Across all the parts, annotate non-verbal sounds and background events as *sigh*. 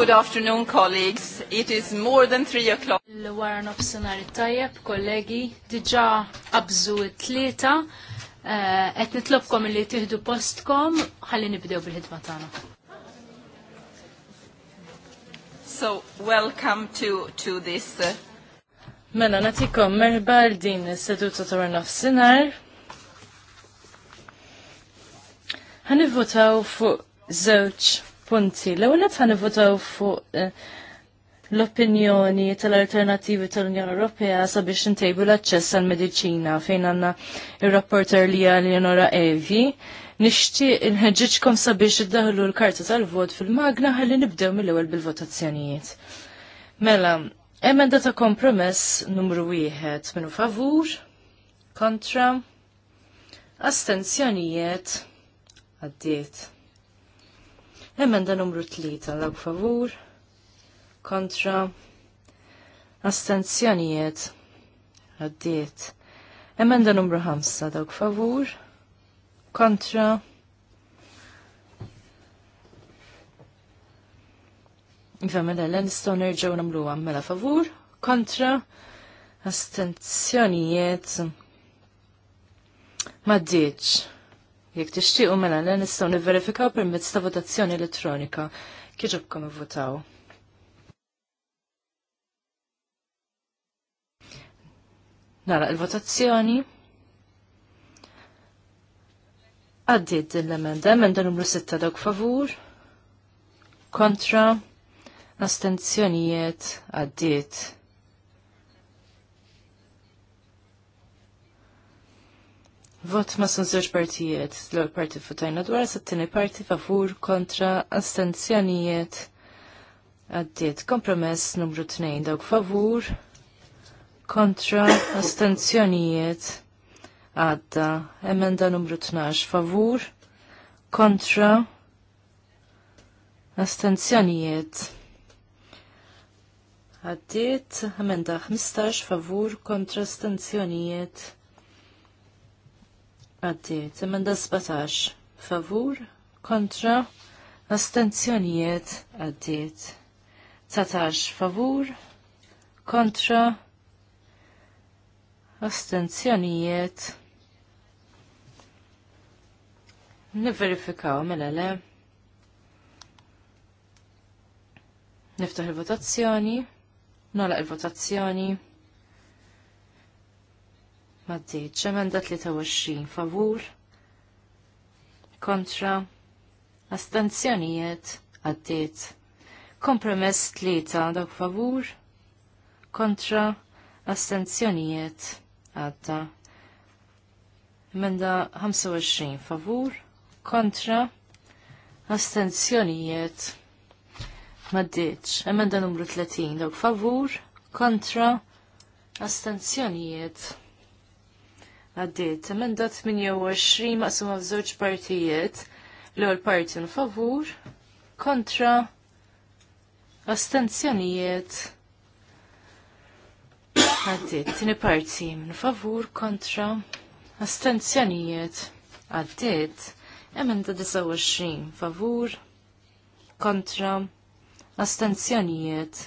good afternoon, colleagues. It is more than 3 o'clock. L-wara nofsinari tajjeb, kollegi, diġa abżu t-tlieta. Eh, qed nitlobkom li tieħdu postkom, ħalli nibdew bil-ħidma tagħna. So, welcome to, to this. Uh, mela, natikom merba l-din seduta t ta' nofsinar. Ħanivvotaw fuq zewċ punti. L-ewwel qed ħanivvotaw fuq eh, l-opinjoni tal-alternativi tal-Unjoni Ewropea sabiex ntejbu l-aċċess għal mediċina fejn għandna ir-rapporter li għal-Jonora Evi. Nixtieq nħedġiċkom sabiex iddaħlu l-karta tal-vot fil-magna ħalli nibdew mill-ewwel bil-votazzjonijiet. Mela, emenda ta' kompromess numru wieħed minu favur, kontra, astenzjonijiet, għaddiet. Emenda numru 3 dawk favur kontra astenzjonijiet għaddiet. Emenda numru 5 dawk favur kontra Iva mela l-enistaw nerġaw namlu mela favur kontra astenzjonijiet ma' Jek tixtiequ mela li nistgħu nivverifikaw permezz ta' votazzjoni elettronika. Kieġobkom ivvotaw. Nara il-votazzjoni. Għaddiet din l-emenda, emenda numru 6 dawk favur. Kontra. Astenzjonijiet għaddiet. Vot ma sun partijiet, l-ewwel parti futajna dwar, s-tieni parti favur kontra astenzjonijiet għaddiet. Kompromess numru 2 dawk favur kontra astenzjonijiet għadda. Emenda numru 12 favur kontra astenzjonijiet. Għaddiet emenda 15 favur kontra astenzjonijiet Għaddiet, emenda 17, favur, kontra, astenzjonijiet, għaddi. Tatax favur, kontra, astenzjonijiet. Niverifikaw mela le. Niftaħ il-votazzjoni, nola il-votazzjoni. Maddiċ, emenda 23, favur, kontra, astanzjonijiet, għaddiet. Kompromess tlieta, dawk favur, kontra, astanzjonijiet, għadda. Emenda 25, favur, kontra, astanzjonijiet, Maddiċ, emenda numru 30, dawk favur, kontra, astanzjonijiet, għaddit, emenda 28 maqsuma f'żewġ partijiet. L-ewwel parti favur kontra astenzjonijiet. Għaddit, tieni parti minn favur kontra astenzjonijiet. Għaddit, emenda 29 favur kontra astenzjonijiet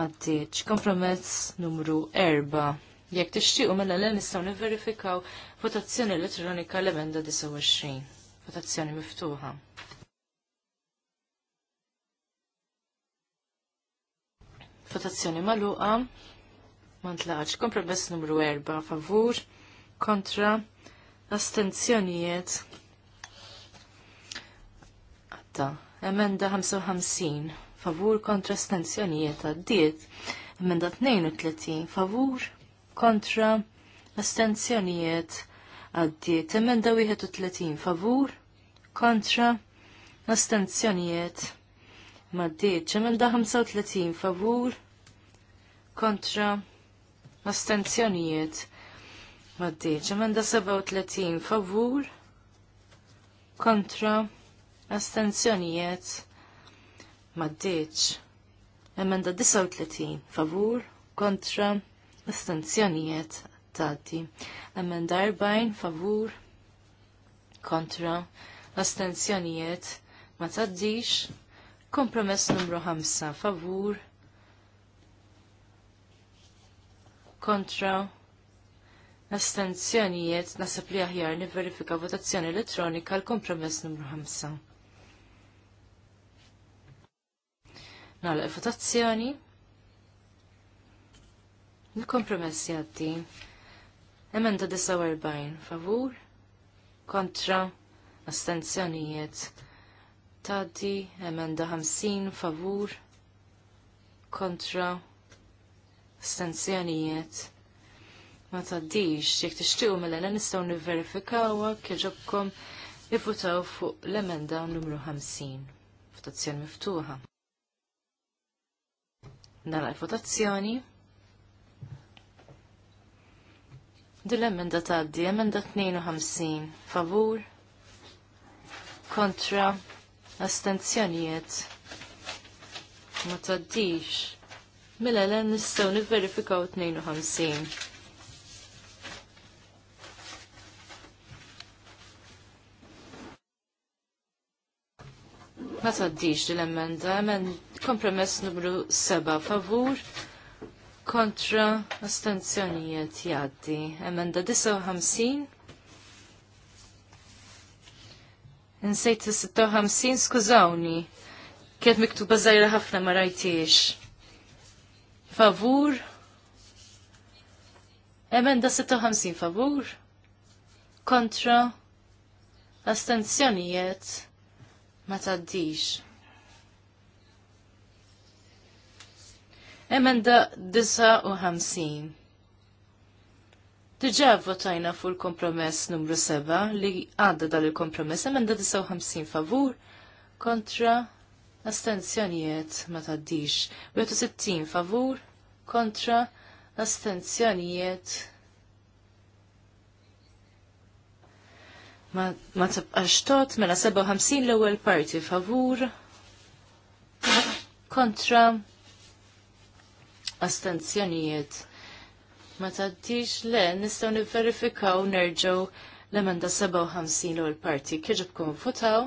maddiċ kompromess numru 4 Jekk tixtiequ mela le nistgħu nivverifikaw votazzjoni elettronika l-emenda 29. Votazzjoni miftuħa. Votazzjoni magħluqa ma ntlaqax kompromess numru 4 favur kontra astenzjonijiet. Atta, emenda 55 favur kontra astenzjonijiet għaddiet. Emenda 32 favur kontra astenzjonijiet għaddiet. Emenda 31 favur kontra astenzjonijiet maddiet. Emenda 35 favur kontra astenzjonijiet maddiet. Emenda 37 favur kontra astenzjonijiet maddiet. Emenda 39 favur kontra Astenzjonijiet tati. Emenda darbajn favur kontra astenzjonijiet ma taddix. Kompromess numru 5 favur kontra astenzjonijiet nasab li aħjar niverifika votazzjoni elettronika l-kompromess numru 5. Nagħlaq votazzjoni. Il-kompromess jaddi. Emenda 49 favur kontra astenzjonijiet. Taddi emenda 50 favur kontra astenzjonijiet. Ma taddix, jek tixtiqu mill-għana nistaw niverifikawa kieġobkom jifutaw fuq l-emenda numru 50. Votazzjoni miftuħa. Nara l-votazzjoni. Dil-emenda taddi, emenda 52, favur, kontra, astenzjonijiet, ma taddix. Mela l nistgħu niverifikaw 52. Ma taddix dil-emenda, emend kompromess numru 7, favur, kontra astenzjonijiet jaddi. Emenda 59. Nsejt 56, skużawni. Kiet miktuba zaħira ħafna ma rajtiex. Favur. Emenda 56 favur. Kontra astenzjonijiet ma taddix. Emenda 59. Diġa votajna fuq il-kompromess numru 7 li għadda dal il-kompromess emenda 59 favur kontra astenzjonijiet ma taddix. 60 favur kontra astenzjonijiet ma, ma tibqax tot mela 57 l-ewwel parti favur kontra astenzjonijiet. Ma taddix le, nistaw niverifikaw nerġaw l-emenda 57 l parti kieġibkom votaw.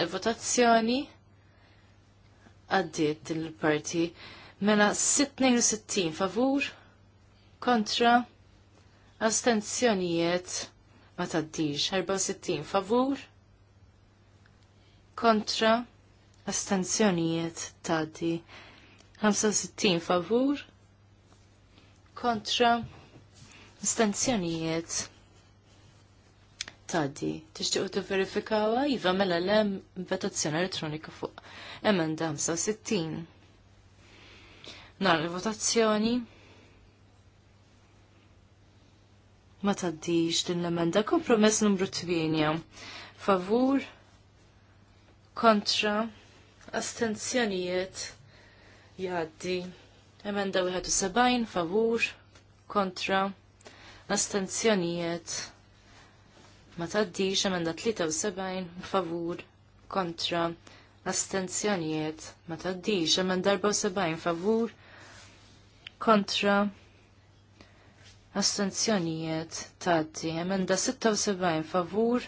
il votazzjoni għaddiet il-parti mela 62 favur kontra astenzjonijiet ma taddix 64 favur kontra astenzjonijiet tati 65 favur kontra astenzjonijiet taddi. Tixtiqu tu verifikawa jiva mela lem votazzjoni elettronika fuq emenda 65. Nar il-votazzjoni ma taddix din l-emenda kompromess numru 8. Favur kontra astenzjonijiet jaddi. Emenda 71 favur kontra astenzjonijiet ma taddix emenda 73 favur kontra astenzjonijiet ma taddix emenda 74 favur kontra astenzjonijiet taddi emenda 76 favur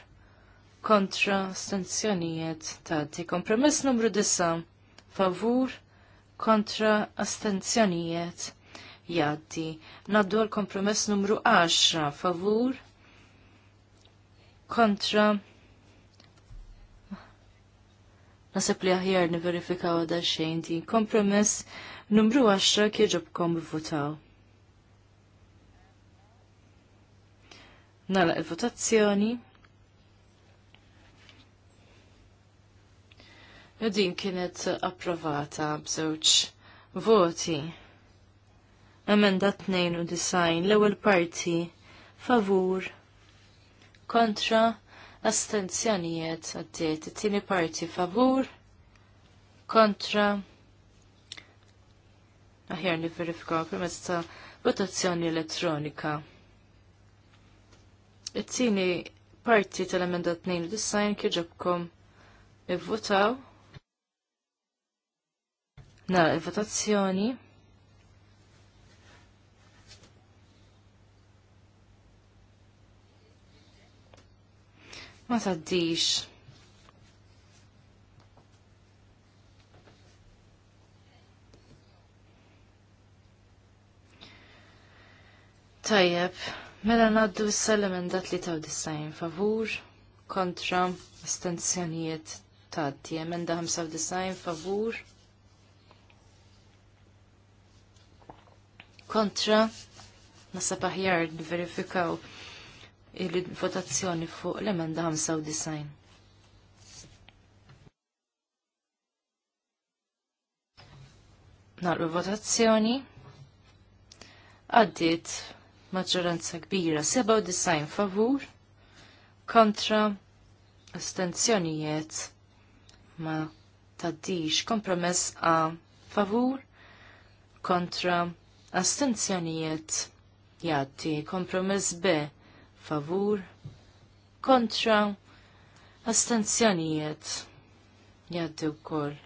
kontra astenzjonijiet taddi. Kompromess numru 9 favur kontra astenzjonijiet jaddi. Naddu għal kompromess numru 10 favur kontra Nasib li aħjar niverifikaw għada xejn di. kompromess numru 10 kieġobkom votaw. Nala il-votazzjoni. U din kienet approvata b'żewġ voti. Emenda 92 l-ewwel parti favur kontra astenzjonijiet għaddiet. It-tieni parti favur kontra aħjar li permezz ta' votazzjoni elettronika. It-tieni parti tal-emenda 92 kieġobkom ivvotaw. Nara il-votazzjoni. Ma taddix. Tajjeb, mela naddu s taw disajn favur kontra astenzjonijiet taddi. Emenda 95 favur kontra nasab aħjar verifikaw il-votazzjoni fuq l-emenda 95. Naqru votazzjoni għaddit maġġoranza kbira 97 favur kontra astenzjonijiet ma taddix kompromess a favur kontra astenzjonijiet jgħati kompromess B favur kontra astenzjonijiet jgħaddi wkoll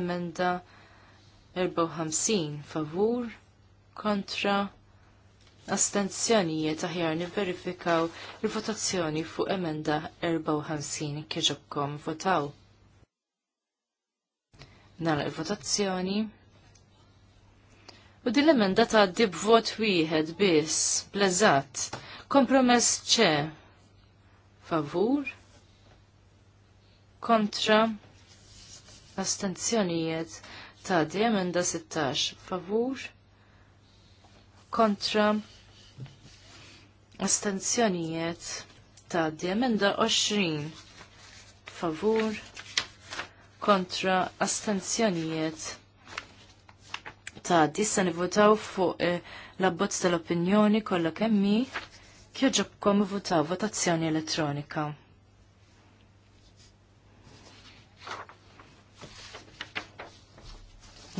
emenda 54 favur kontra astenzjonijiet aħjar niverifikaw il-votazzjoni fuq emenda 54 kieġobkom votaw. Nara il-votazzjoni. U din l-emenda dib vot wieħed biss, bleżat. Kompromess ċe. Favur? Kontra? Astenzjonijiet tgħaddi emenda 16. Favur? Kontra? Astenzjonijiet tgħaddi emenda 20. Favur? Kontra? Astenzjonijiet tgħaddi. Issa nivvotaw fuq eh, l-abbozz tal-opinjoni kollha kemm mi. kjoġobkom votaw votazzjoni elettronika.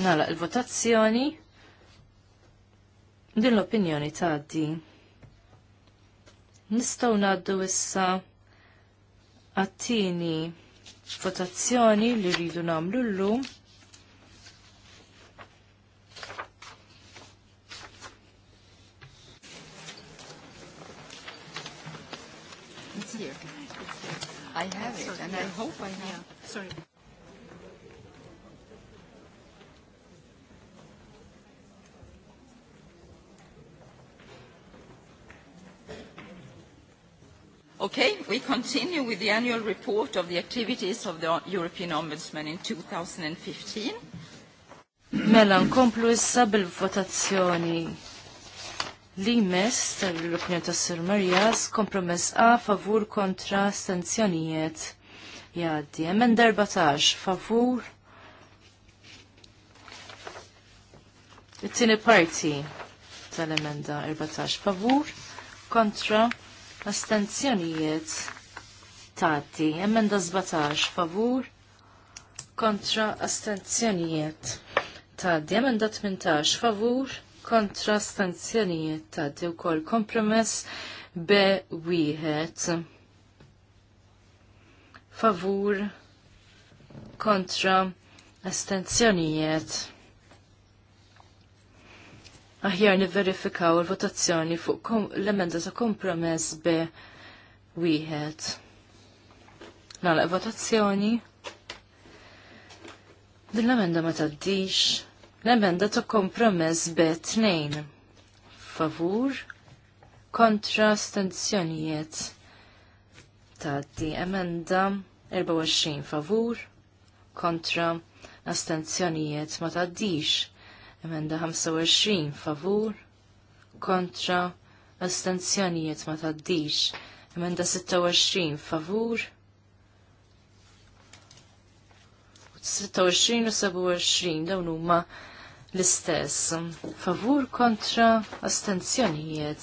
Nala il-votazzjoni din l-opinjoni tgħaddi. Nistgħu ngħaddu issa għattini votazzjoni li rridu nagħmlu llum I have it, and I hope I have. Sorry. Okay, we continue with the annual report of the activities of the European Ombudsman in 2015. Mela, nkomplu issa bil-votazzjoni li mess tal-opinjoni ta' Sir Marjas kompromess A favur kontra sanzjonijiet Jaddi, Emmen darbatax favur it-tieni parti tal-emenda 14 favur kontra astenzjonijiet tati. Emenda 17 favur kontra astenzjonijiet tati. Emenda 18 favur kontra stanzjonijiet taddi wkoll kompromess be wieħed favur kontra astenzjonijiet. Aħjar niverifikaw il-votazzjoni fuq l-emenda ta' kompromess be wieħed. Nagħlaq votazzjoni. Din l-emenda ma taddix l-emenda ta' kompromess B2. Favur kontra stanzjonijiet tati emenda 24 favur kontra astenzjonijiet ma taddix emenda 25 favur kontra astenzjonijiet ma taddix emenda 26 favur 26 u 27 dawn huma l-istess. Favur kontra astenzjonijiet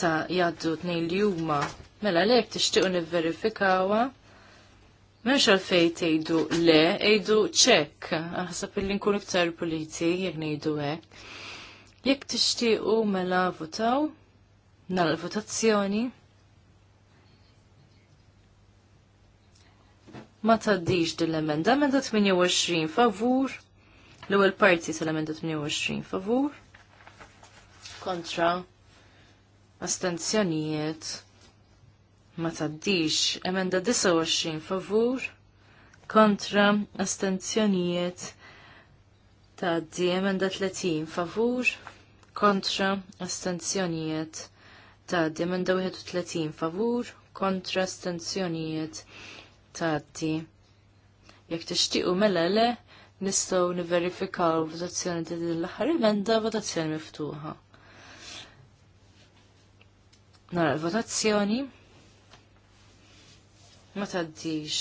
ta' jaddu tnej li huma. Mela lek tixtiequ nivverifikawa. Menx għalfej tgħidu le, jgħidu ċek. Aħseb illi nkun iktar politi jekk ngħidu hekk. Jekk tixtiequ mela votaw, nal votazzjoni. Ma tgħaddix dil l emenda 28 favur, L-ewwel parti sal emenda 28 favur kontra astenzjonijiet ma taddix. Emenda 29 favur kontra astenzjonijiet taddi. Emenda 30 favur kontra astenzjonijiet taddi. Emenda 31 favur kontra astenzjonijiet taddi. Jek tixtiqu mela le, nistgħu niverifikaw votazzjoni ta' din l-aħħar emenda votazzjoni miftuħa. Nara l-votazzjoni ma taddix.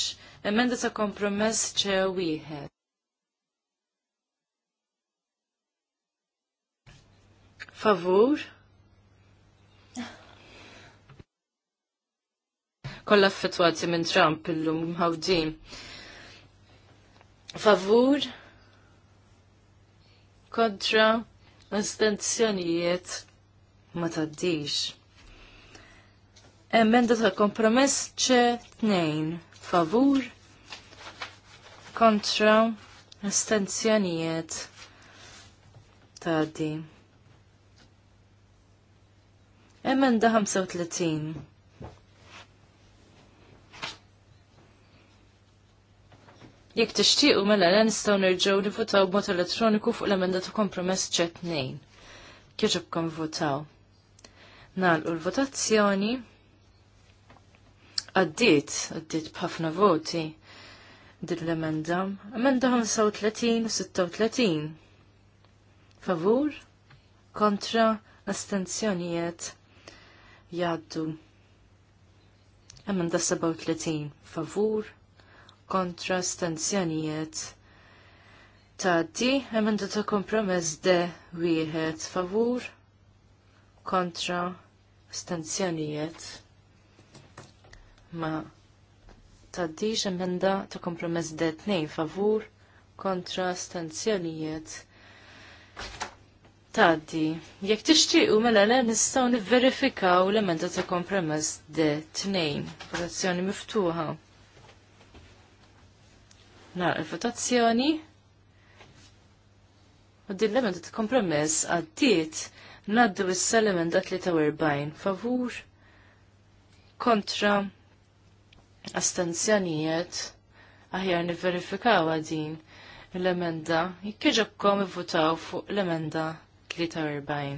Emenda ta' kompromess ċew wieħed. Favur? Kolla affettwati minn Trump illum mħawdin favur kontra astenzjonijiet ma taddix. Emenda ta' kompromess ċe tnejn favur kontra astenzjonijiet taddi. Emenda 35 Jekk tixtiequ mela le nistgħu nerġgħu nivutaw b'mod elettroniku fuq l-emenda ta' kompromess ċet nejn. Kieġobkom votaw. Nagħlqu l-votazzjoni. Għaddiet, għaddiet b'ħafna voti din l-emenda. Emenda 35 u 36. Favur? Kontra? Astenzjonijiet? Jaddu. Emenda 37. Favur? kontra stanzjanijiet taddi emenda ta' kompromess de wieħed favur kontra stanzjanijiet ma taddix emenda ta' kompromess de tnejn favur kontra stanzjonijiet Taddi, jekk tixtiequ mela le nistgħu nivverifikaw l-emenda ta' kompromess de tnejn, votazzjoni miftuħa. Nara il-votazzjoni. U din l-element ta' kompromess għaddiet naddu s-element ta' 43 favur kontra astenzjonijiet aħjar niverifikaw għadin l-emenda jikkieġabkom votaw fuq l-emenda 43.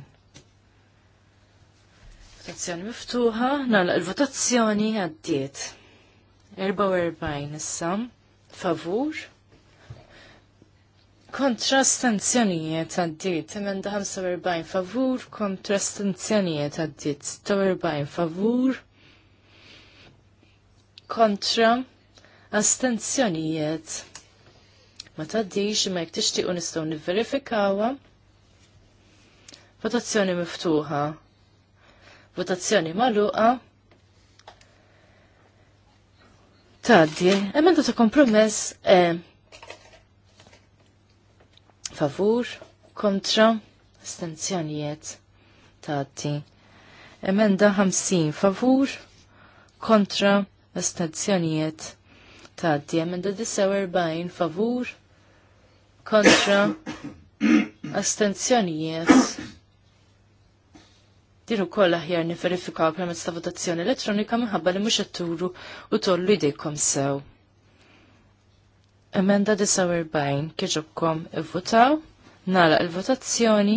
Votazzjoni miftuħa, nagħlaq il-votazzjoni għaddiet. 44 issa favur kontra stanzjonijiet għaddit, emenda 45 favur, kontra stanzjonijiet għaddit, 46 favur, kontra astenzjonijiet. Ma taddix ma jek tixtieq unistaw nistgħu nivverifikawha. Votazzjoni miftuħa. Votazzjoni magħluqa. Taddi, emenda ta' kompromess e. Favur, kontra, astenzjonijiet. Taddi. Emenda ħamsin favur, kontra, astenzjonijiet. Taddi, emenda 49, favur, kontra, *coughs* astenzjonijiet. Din ukoll aħjar niverifikaw permezz ta' votazzjoni elettronika minħabba li mhux qed turu u tollu jdejkom sew. Emenda 49 kieġobkom ivvutaw, nagħlaq il-votazzjoni.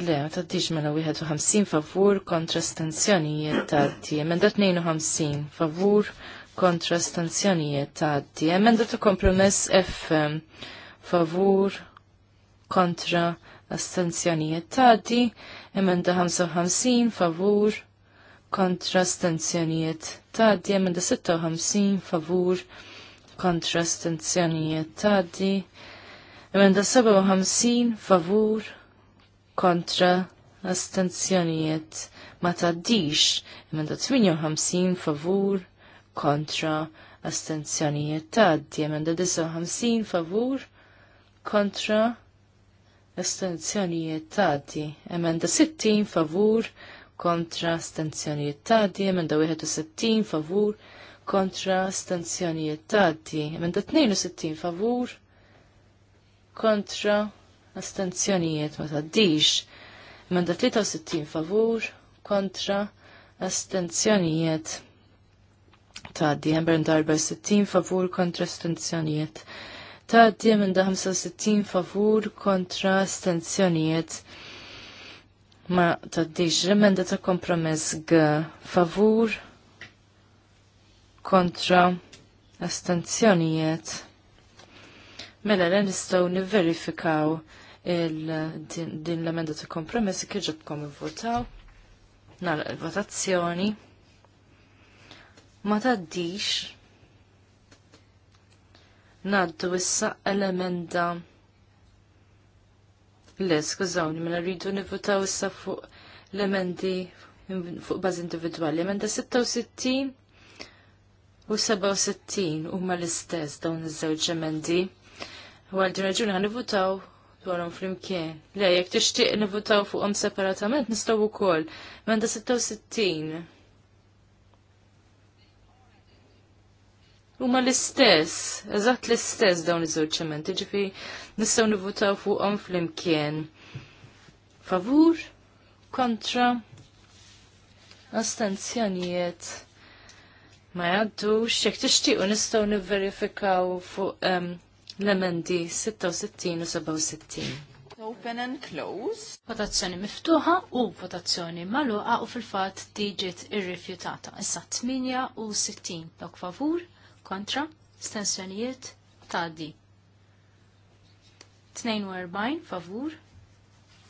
Le, ma taddix mela 51 favur kontra stanzjonijiet taddi. Emenda 52 favur kontra stanzjonijiet taddi. Emenda ta' kompromess FM favur kontra astenzjonijiet taddi, emenda 55 favur kontra astenzjonijiet taddi, emenda 56 favur kontra astenzjonijiet taddi, emenda 57 favur kontra astenzjonijiet ma taddix, emenda 58 favur kontra astenzjonijiet taddi, emenda 59 favur kontra estenzjonijiet tati. Emenda 60 favur kontra estenzjonijiet tati. Emenda 61 favur kontra estenzjonijiet tati. Emenda 62 favur kontra estenzjonijiet ma taddix. Emenda 63 favur kontra estenzjonijiet tati. Emenda 64 favur kontra estenzjonijiet tati. Taddi minn da 65 favur kontra astenzjonijiet ma taddix remenda ta' kompromess g favur kontra astenzjonijiet. Mela l nistgħu nivverifikaw din l-emenda ta' kompromess kieġobkom votaw nara l votazzjoni ma taddix Naddu issa elementa. Le, skużawni, minna mela rridu nivutaw issa fuq l-emendi fuq baz individwali. Emenda 66 u 67 huma l-istess dawn iż-żewġ emendi. Għal din raġuni għan nivutaw dwarhom flimkien. Le, jekk tixtieq nivutaw fuqhom separatament nistgħu wkoll. Emenda 66 huma l-istess, eżatt l-istess dawn iż-żewġ ċementi, ġifi nistgħu nivvutaw fuqhom flimkien. Favur, kontra, astenzjonijiet. Ma jgħaddux, jekk tixtiequ nistgħu nivverifikaw fuq l-emendi 66 u 67. Open and close. Votazzjoni miftuħa u votazzjoni maluqa u fil-fat diġiet irrifjutata. Issa 68 dok favur, kontra, stensjonijiet taddi. 42 favur,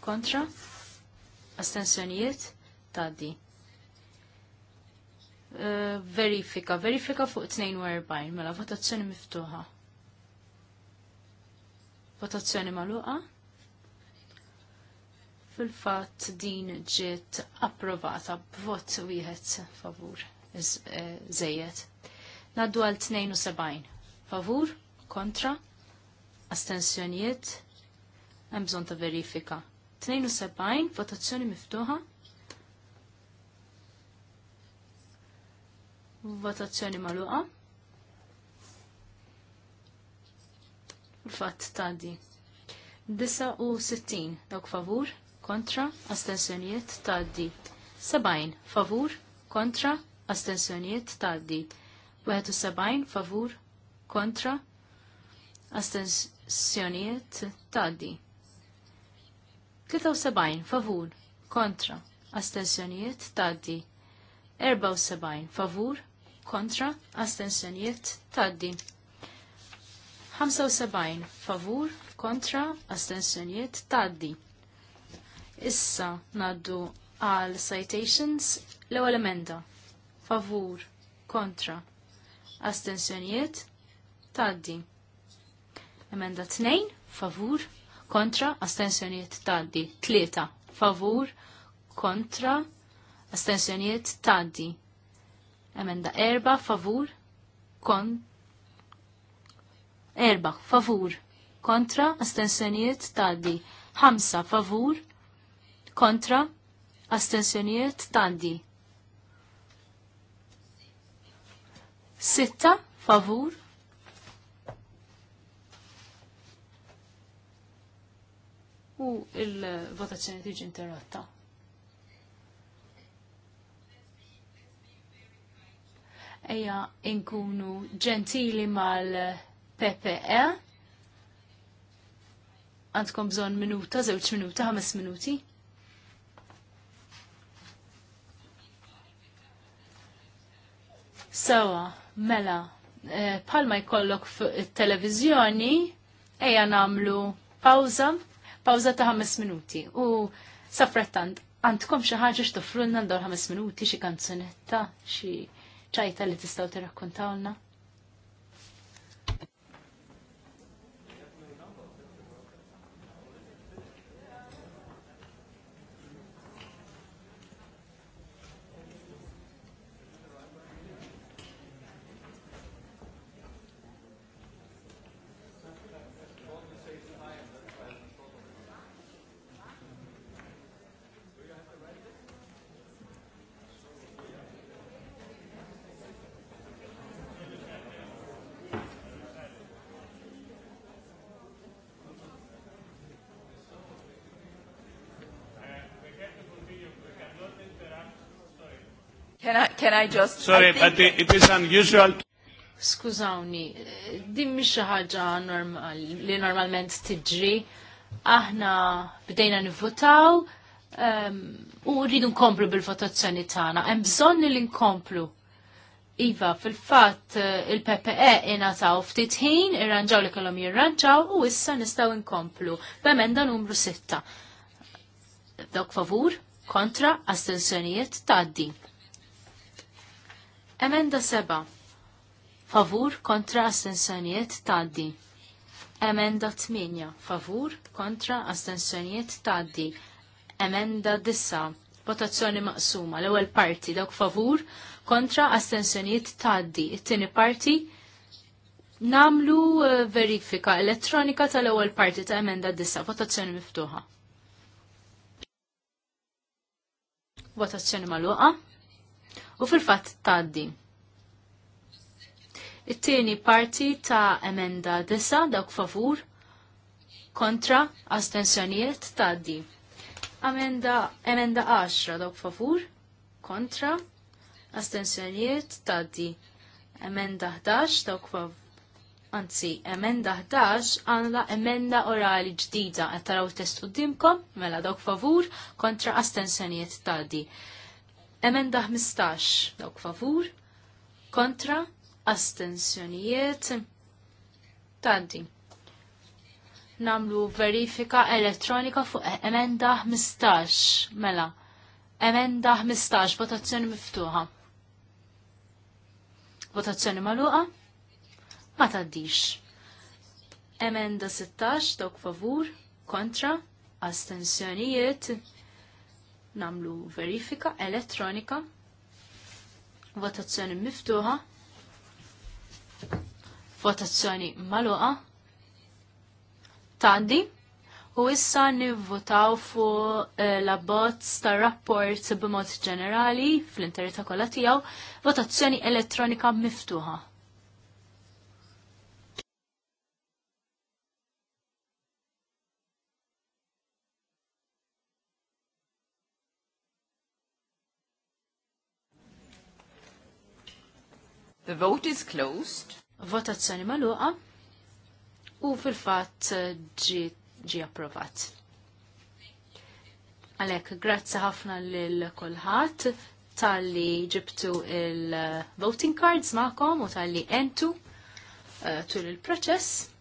kontra, astensjonijiet taddi. Uh, eh, verifika, verifika fuq 42, mela votazzjoni miftuħa. Votazzjoni maluqa. Fil-fat din ġiet approvata b'vot wieħed favur żejjed. Eh, Naddu għal 72. Favur, kontra, astensjonijiet, hemm bżonn ta' verifika. 72, votazzjoni miftuħa. Votazzjoni maluqa. Fatt tadi. 69 dawk favur, kontra, astensjonijiet tadi. 70 favur, kontra, astensjonijiet tadi. 71 favur kontra astensjonijiet taddi. 73 favur kontra astensjonijiet taddi. 74 favur kontra astensjonijiet taddi. 75 favur kontra astensjoniet taddi. Issa naddu għal citations l-ewwel emenda favur kontra astensjonijiet taddi. Emenda 2 favur kontra astensjonijiet taddi. Tlieta, favur kontra astensjonijiet taddi. Emenda 4 favur kon Erba, favur, kontra, astensjonijiet taddi. Hamsa, favur, kontra, astensjonijiet taddi. Sitta favur. U il-votazzjoni tiġi interrotta. Eja inkunu ġentili mal-PPE. Għandkom bżon minuta, zewċ minuta, ħames minuti. Sewa, mela, eh, palma jkollok fuq il-televizjoni, eja namlu pawza, pawza ta' 5 minuti. U safrattant, għandkom xi ħaġa x'toffrulna dawn 5 minuti, xi kanzunetta, xi ċajta li tistgħu tirrakkontawlna? can I just... Sorry, I but it is unusual. Skużawni, din mish xi ħaġa li normalment tiġri. Aħna bdejna nivvotaw ehm, u rridu nkomplu bil-votazzjoni tagħna. Hemm bżonn li nkomplu. Iva, fil-fatt eh, il-PPE ingħataw ftit ħin, irranġaw li kellhom jirranġaw u issa nistgħu nkomplu. B'emenda numru 6. Dok favur, kontra, astensjonijiet tgħaddi. Emenda seba. Favur kontra astensjonijiet taddi. Emenda 8. Favur kontra astensjonijiet taddi. Emenda 9. Votazzjoni maqsuma. L-ewwel parti dawk favur kontra astensjonijiet taddi. It-tieni parti namlu eh, verifika elettronika tal-ewwel parti ta' emenda dissa votazzjoni miftuħa. Votazzjoni magħluqa u fil-fatt taddi. It-tieni parti ta' emenda disa dawk favur kontra astensjonijiet taddi. Amenda, emenda 10 dawk favur kontra astensjonijiet taddi. Emenda 11 dawk favur Anzi, emenda 11 għandha emenda orali ġdida qed taraw test qudiemkom mela dawk favur kontra astensjonijiet taddi. Emenda 15 dawk favur kontra astensjonijiet tanti. Namlu verifika elettronika fuq e- emenda 15 mela. Emenda 15 votazzjoni miftuħa. Votazzjoni maluqa? Ma taddix. Emenda 16 dawk favur kontra astensjonijiet namlu verifika elettronika, votazzjoni miftuħa, votazzjoni maluqa, tandi, u issa nivvotaw fu eh, la bots ta' rapport b'mod ġenerali fl-interita kolla tijaw, votazzjoni elettronika miftuħa. The vote is closed. Votazzjoni maluqa u fil-fatt eh, ġi, approvat. Għalek, grazzi ħafna lil kolħat tal-li ġibtu il-voting cards ma'kom u tal-li entu uh, tul il-proċess.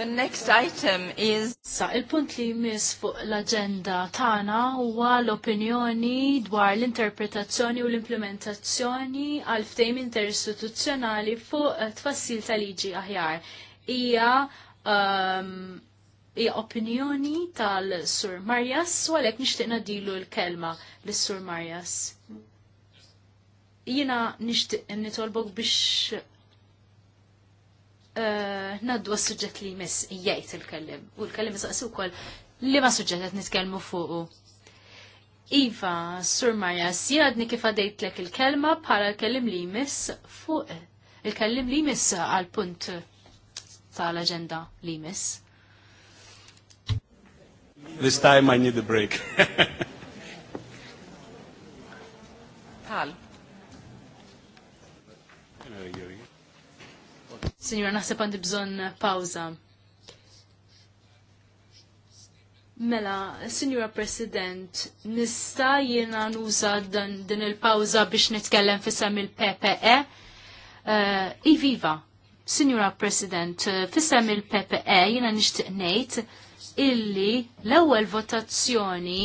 The next item is... Sa, il-punt li jmiss fuq l-agenda tana huwa l-opinjoni dwar l-interpretazzjoni u l-implementazzjoni għal ftejm interistituzzjonali fuq eh, tfassil tal-liġi aħjar. Ija um, ehm, hija opinjoni tal-Sur Marjas u għalhekk nixtieq nadilu l-kelma lis-Sur Marjas. Jiena nixtieq nitolbok biex Eh, naddu s-sujġet li mis jgħajt il-kellim. U l-kellim jisaqsi ukoll li ma suġġet nitkellmu fuqu. Iva, Sur Marja, sjadni kif għadejt lek il-kelma bħala l-kellim li jmiss fuq il-kellim li jmiss għal-punt tal-agenda li jmiss. This time I need a break. *laughs* Tal. Signora, naħseb għandi bżon pawza. Mela, Signora President, nista jiena nuża din il-pawza biex nitkellem fissem il-PPE? Uh, eh, iviva, Signora President, fissem il-PPE jiena nixtieq ngħid illi l-ewwel votazzjoni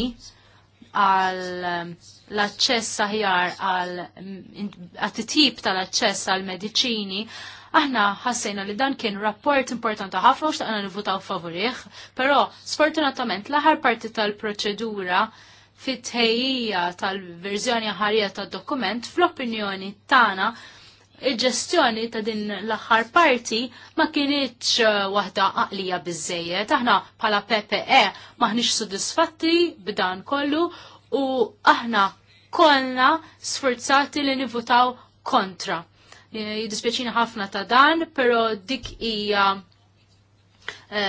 għal ehm, l-aċċess aħjar għal għat-tip tal-aċċess għal medicini Aħna ħassejna li dan kien rapport importanti ħafna u xtaqna nivutaw favorih, però sfortunatament l-aħar parti tal-proċedura fit-tħejjija tal-verżjoni ħarija tad-dokument fl-opinjoni tagħna il-ġestjoni ta' din l-aħħar parti ma kienieċ eh, waħda għaqlija bizzeje. Aħna bħala PPE maħniex sodisfatti b'dan kollu u aħna kollna sforzati li nivutaw kontra. E, Jiddispjaċina ħafna ta' dan, però dik hija e,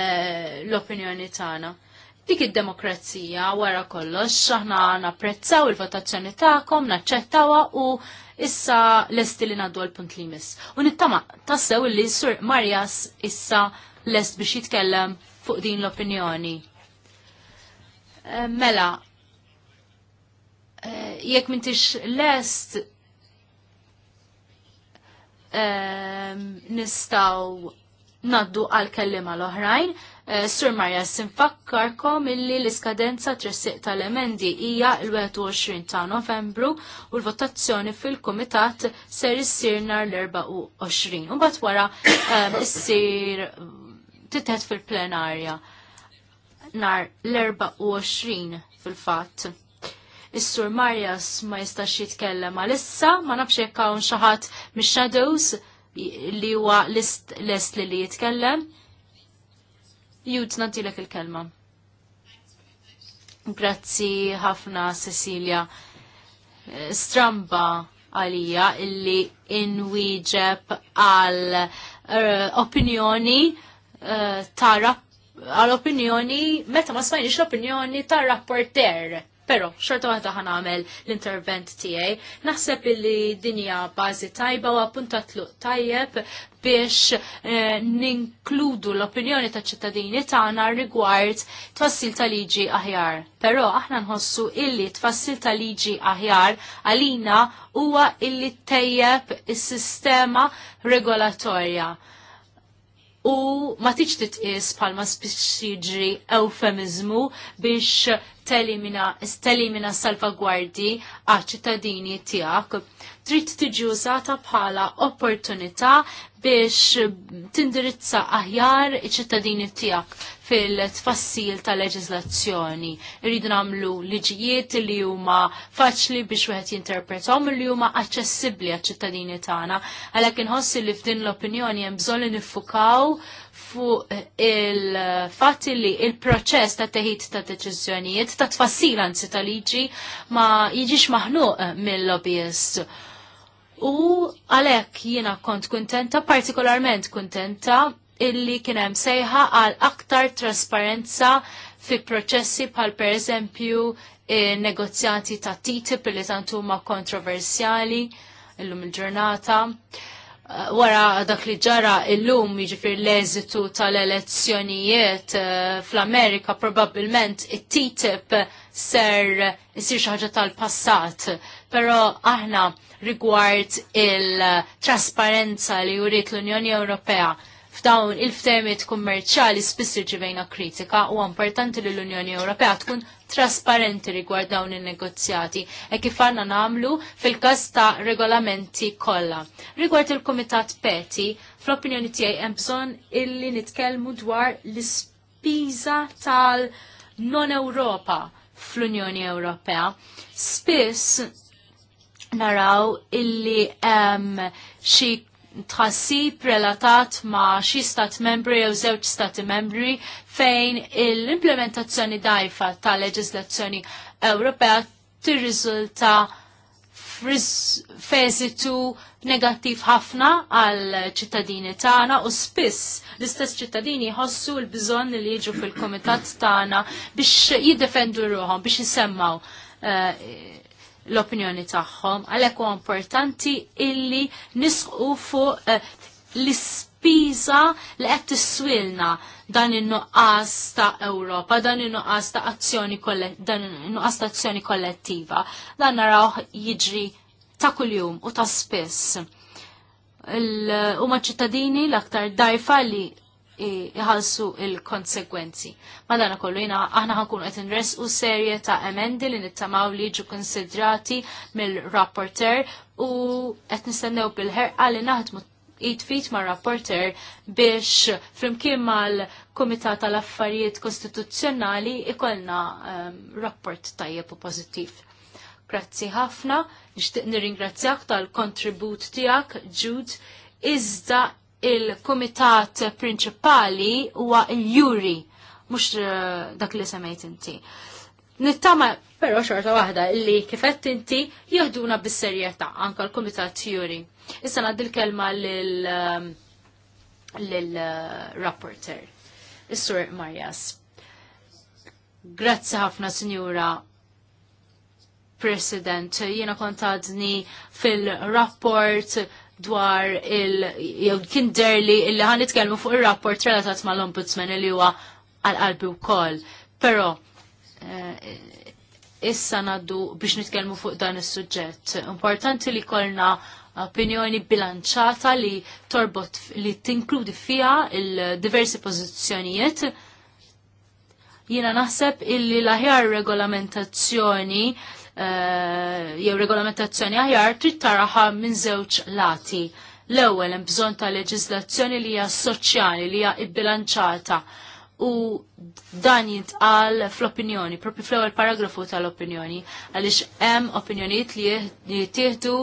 l-opinjoni tagħna. Dik id-demokrazija wara kollox aħna napprezzaw il-votazzjoni tagħkom, naċċettawha u issa lesti li ngħaddu l-punt li jmiss. U nittama tassew li Sur Marjas issa lest biex jitkellem fuq din l-opinjoni. E, mela, jekk mintix lest Ehm, nistaw naddu għal kellima l-oħrajn. Eh, Sur Marja, sinfakkarkom illi l-iskadenza tressiq tal-emendi hija l-21 ta' novembru u l-votazzjoni fil-komitat ser issir nar l-24. U bat wara ehm, issir titħed fil-plenarja nar l-24 fil-fat. Is-Sur Marjas ma jistax jitkellem għalissa, ma nafx jekk hawn xi ħadd mix-shadows li huwa lest li li jitkellem. Jud nagħtilek il-kelma. Grazzi ħafna Cecilia. Stramba għalija illi inwieġeb għal eh, opinjoni eh, ta' għal opinjoni meta ma smajniex l-opinjoni tar rapporter Pero, xorta waħda ħan għamel l-intervent tijaj. Naħseb li dinja bazi tajba u appunta tluq tajjeb biex eh, ninkludu l-opinjoni ta' ċittadini tagħna rigward tfassil ta' liġi aħjar. Pero aħna nħossu illi tfassil ta' liġi aħjar għalina huwa illi tejjeb is-sistema regolatorja u ma tiġ titqis palma spiċċiġri eufemizmu biex telimina salvaguardi għal ċittadini tiegħek. Trid tiġi użata bħala opportunità biex tindirizza aħjar iċ-ċittadini tiegħek fil-tfassil ta' leġizlazzjoni. Rridu namlu liġijiet li huma faċli biex wieħed jinterpretom li huma aċċessibbli għaċ-ċittadini tagħna. Għalhekk inħossi li f'din l-opinjoni hemm bżonn li fuq il-fatt li il-proċess ta' teħid ta' deċiżjonijiet ta' tfassil anzi ta' liġi ma jiġix maħnuq mill-lobbyist. U għalhekk jiena kont kontenta, partikolarment kontenta, illi kien hemm sejħa għal aktar trasparenza fi proċessi bħal pereżempju eh, negozjati ta' TTIP li tantu ma' kontroversjali illum il-ġurnata. Eh, wara dak li ġara illum jiġifier l-eżitu tal-elezzjonijiet eh, fl-Amerika probabbilment it-TTIP ser isir xi ħaġa tal-passat, però aħna rigward il-trasparenza li jurid l-Unjoni Ewropea f'dawn il-ftemiet kummerċali spiss irġivejna kritika u importanti li l-Unjoni Ewropea tkun trasparenti rigward dawn il-negozjati e kif għanna namlu fil-kas ta' regolamenti kollha. Rigward il-Kumitat Peti, fl-opinjoni tiegħi hemm bżonn illi nitkellmu dwar l-ispiża tal-non-Ewropa fl-Unjoni Ewropea. Spiss naraw illi hemm xi tħassib relatat ma xi stat membri jew żewġ stati membri fejn l-implementazzjoni dajfa ta' leġislazzjoni Ewropea tirriżulta f'eżitu negattiv ħafna għal ċittadini tagħna u spiss l-istess ċittadini jħossu l-bżonn li jiġu fil-kumitat tagħna biex jiddefendu ruħhom biex isemmaw uh, eh, l-opinjoni tagħhom, għalhekk huwa importanti illi nisqu fuq eh, l-ispiża li qed tiswilna dan in-nuqqas ta' Ewropa, dan in-nuqqas ta' azzjoni dan in-nuqqas ta' azzjoni kollettiva. Dan naraw jiġri ta' kuljum u ta' spiss. Huma ċittadini l-aktar dajfa li iħalsu il-konsekwenzi. Madana kollu jina aħna ħankun qed inres u serje ta' emendi li nittamaw li ġu konsidrati mill-rapporter u qed nistennew bil-ħerqa li naħdmu id-fit ma' rapporter biex flimkien mal-Komitat tal-Affarijiet Kostituzzjonali ikolna um, ehm, rapport tajjeb u pozittiv. Grazzi ħafna, nixtieq nirringrazzjak tal-kontribut tiegħek, Jude, iżda il-komitat prinċipali huwa il-juri, mux eh, dak li semmejt inti. Nittama, pero xorta wahda, li kifett inti jihduna bis-serjeta, anka l-komitat juri. Issa naddi l-kelma l-rapporter, eh, eh, il-sur Marjas. Grazzi ħafna, Sinjura President. Jiena kontadni fil-rapport dwar il- jew tinderli illi ħan nitkellmu fuq ir-rapport relatat mal-Ombudsman li huwa għal-qalbi wkoll. Però eh, issa naddu biex nitkellmu fuq dan is-suġġett. Importanti li kolna opinjoni bilanċata li torbot li tinkludi fija il-diversi pożizzjonijiet. Jiena naħseb illi l-aħjar regolamentazzjoni Eh, jew regolamentazzjoni aħjar trid taraha minn żewġ lati. L-ewwel hemm bżonn ta' leġiżlazzjoni li hija soċjali li hija ibbilanċata u dan jintqal fl-opinjoni, propri fl-ewwel paragrafu tal-opinjoni, għaliex hemm opinjonijiet li jittieħdu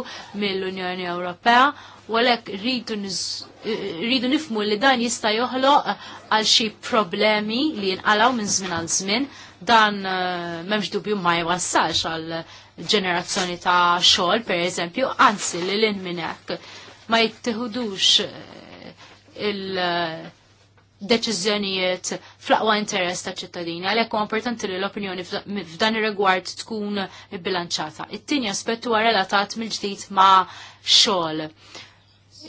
mill-Unjoni Ewropea u għalhekk rridu nifmu li dan jista' joħloq għal xi problemi li jinqalgħu minn żmien għal żmien dan eh, memx dubju ma jwassax għal ġenerazzjoni ta' xogħol per eżempju, anzi li l minnek ma jittihudux eh, il-deċiżjonijiet eh, fl-aqwa interess ta' ċittadini. Għalhekk u importanti li l-opinjoni f'dan ir-rigward tkun bilanċata. It-tieni aspett huwa relatat mill-ġdid ma' xogħol.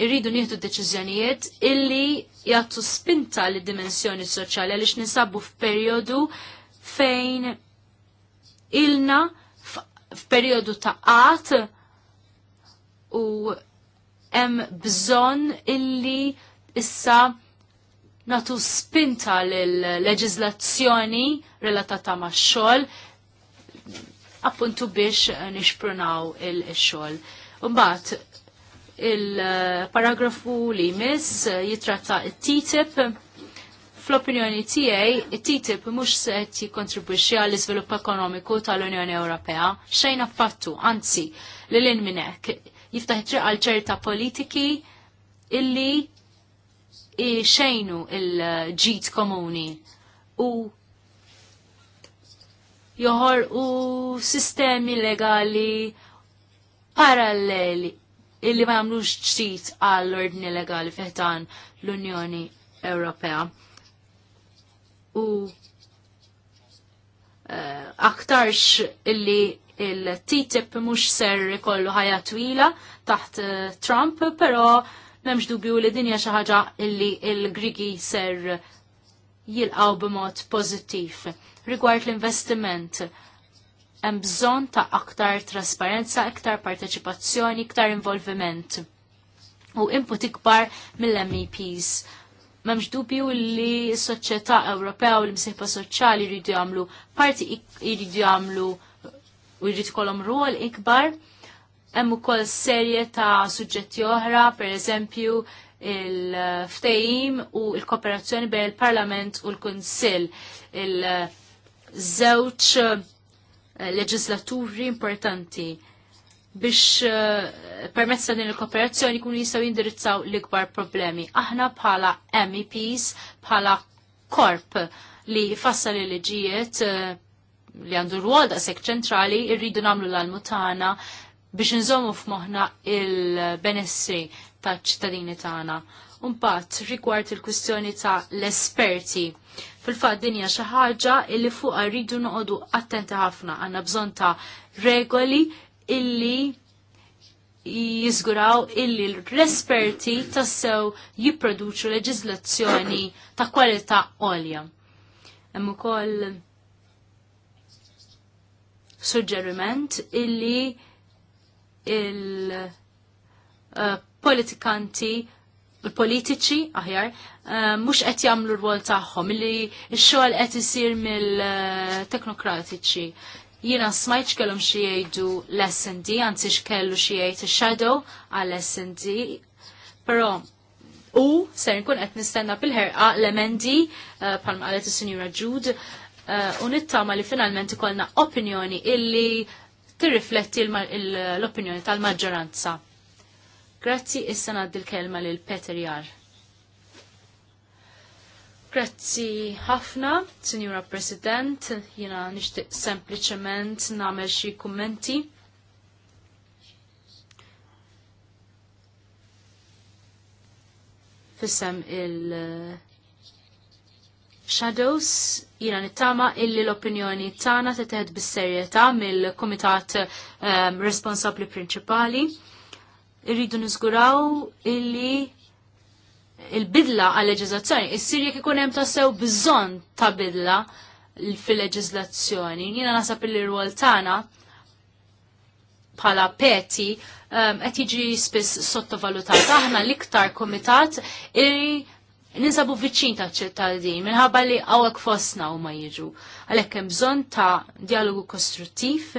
Irridu nieħdu deċiżjonijiet illi jagħtu spinta lid dimensjoni soċjali għaliex ninsabu f'perjodu fejn ilna f'perjodu ta' qat u hemm bżonn illi issa natu spinta l-leġizlazzjoni relatata ma' xogħol appuntu biex nixprunaw il-xogħol. Mbagħad il-paragrafu li jmiss jitratta it-TTIP Fl-opinjoni tiegħi, TTIP mhux se jikkontribwixxi għall iżvilupp ekonomiku tal-Unjoni Ewropea xejn affattu, anzi, li lin minn hekk jiftaħ triq għal ċerta politiki illi xejnu il-ġit komuni u joħor u sistemi legali paralleli illi ma jamlux ġit għall-ordni legali fiħtan l-Unjoni Ewropea u uh, aktarx illi il-TTIP mux ser kollu ħajja twila taħt eh, Trump, pero memx dubju li dinja xaħġa illi il-Grigi ser jilqaw b'mod pozittiv. Rigward l-investiment, hemm bżonn ta' aktar trasparenza, aktar parteċipazzjoni, aktar involviment u input ikbar mill-MEPs memx dubju li s-soċjetà Ewropea u l-msieħba soċjali jridu jagħmlu parti jridu jagħmlu u jrid kolom rol ikbar. Hemm ukoll serje ta' suġġetti oħra, pereżempju il-ftehim u l-kooperazzjoni bejn il-Parlament u l-Kunsill. Il-żewġ eh, leġislaturi importanti biex eh, permezz din il-kooperazzjoni kun jistgħu jindirizzaw l-ikbar problemi. Aħna bħala MEPs, bħala korp li fassa il-liġijiet eh, li għandu rwol da' sek ċentrali, irridu namlu l-almutana biex nżommu f'moħna il-benessri ta' ċittadini tagħna. Unbat, rigward il-kwistjoni ta' l-esperti. Fil-fat dinja xi ħaġa li fuqha rridu noqogħdu attenti ħafna għandna bżonn ta' regoli illi jizguraw illi l-resperti tassew jipproduċu leġizlazzjoni ta' kwalità għolja. Hemm ukoll suġġeriment illi il-politikanti eh, il-politiċi aħjar eh, mhux qed jagħmlu r-rwol tagħhom illi x-xogħol qed isir mill-teknokratiċi. Eh, jina smajt kellhom xi jgħidu l-SND, anzi x'kellu xi jgħid shadow għal SND, però u ser nkun qed nistenna bil-ħerqa l-emendi uh, qalet is-Sinjura Jude eh, u uh, nittama li finalment ikollna opinjoni illi tirrifletti l-opinjoni tal-maġġoranza. Grazzi issa ngħaddi l-kelma lil Peter Jar. Grazzi ħafna, Signora President, jina nishtiq sempliciment namel xi kummenti. Fissem il- uh, Shadows jina nittama illi l-opinjoni tana teteħed bis-serjetà mill-Komitat um, Responsabli Prinċipali. Irridu nizguraw illi il-bidla għal leġizlazzjoni issir jek ikun hemm tassew bżonn ta' bidla fil-leġizlazzjoni. Jiena nasab il-rwol tagħna bħala peti um, qed jiġi spiss sottovalutat. Aħna l-iktar komitat ninsabu viċin ta' ċittadin minħabba li hawnhekk fosna huma jiġu. Għalhekk hemm bżonn ta' dialogu kostruttiv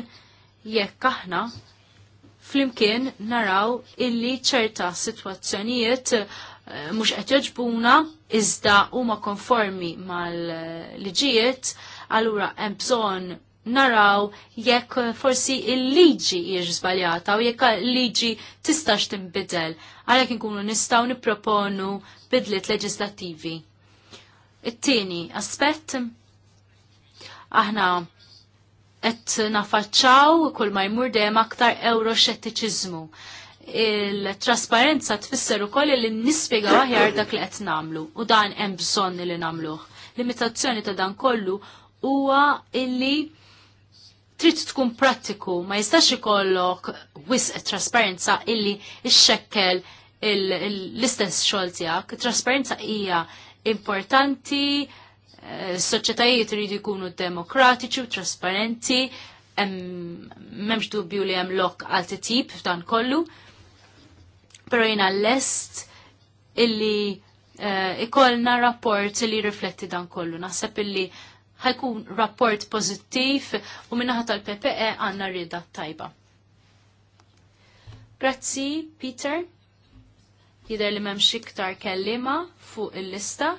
jekk aħna flimkien naraw illi ċerta situazzjonijiet Eh, mhux qed jogħġbuna iżda huma konformi mal-liġijiet, allura hemm bżonn naraw jekk forsi il-liġi jiex żbaljata u jekk il-liġi tistax tinbidel għalhekk inkunu nistgħu nipproponu bidliet leġislattivi. It-tieni aspett aħna qed nafaċċaw kull ma jmur dejjem aktar euroxettiċiżmu il-trasparenza tfisser ukoll li nispjegaw aħjar dak li qed nagħmlu u dan hemm bżonn li nagħmluh. Limitazzjoni ta' dan kollu huwa illi trid tkun prattiku, ma jistax ikollok wisq trasparenza illi xxekkel l-istess xogħol tiegħek. Trasparenza hija importanti, s-soċjetajiet eh, iridu jkunu demokratiċi u trasparenti, memx dubju li hemm lok għal titjib f'dan kollu, pero jina est illi uh, eh, ikolna rapport illi rifletti dan kollu. Naħseb illi ħajkun rapport pozittiv u minnaħa tal-PPE għanna rida tajba. Grazzi, Peter. Jider li memx iktar kellima fuq il-lista,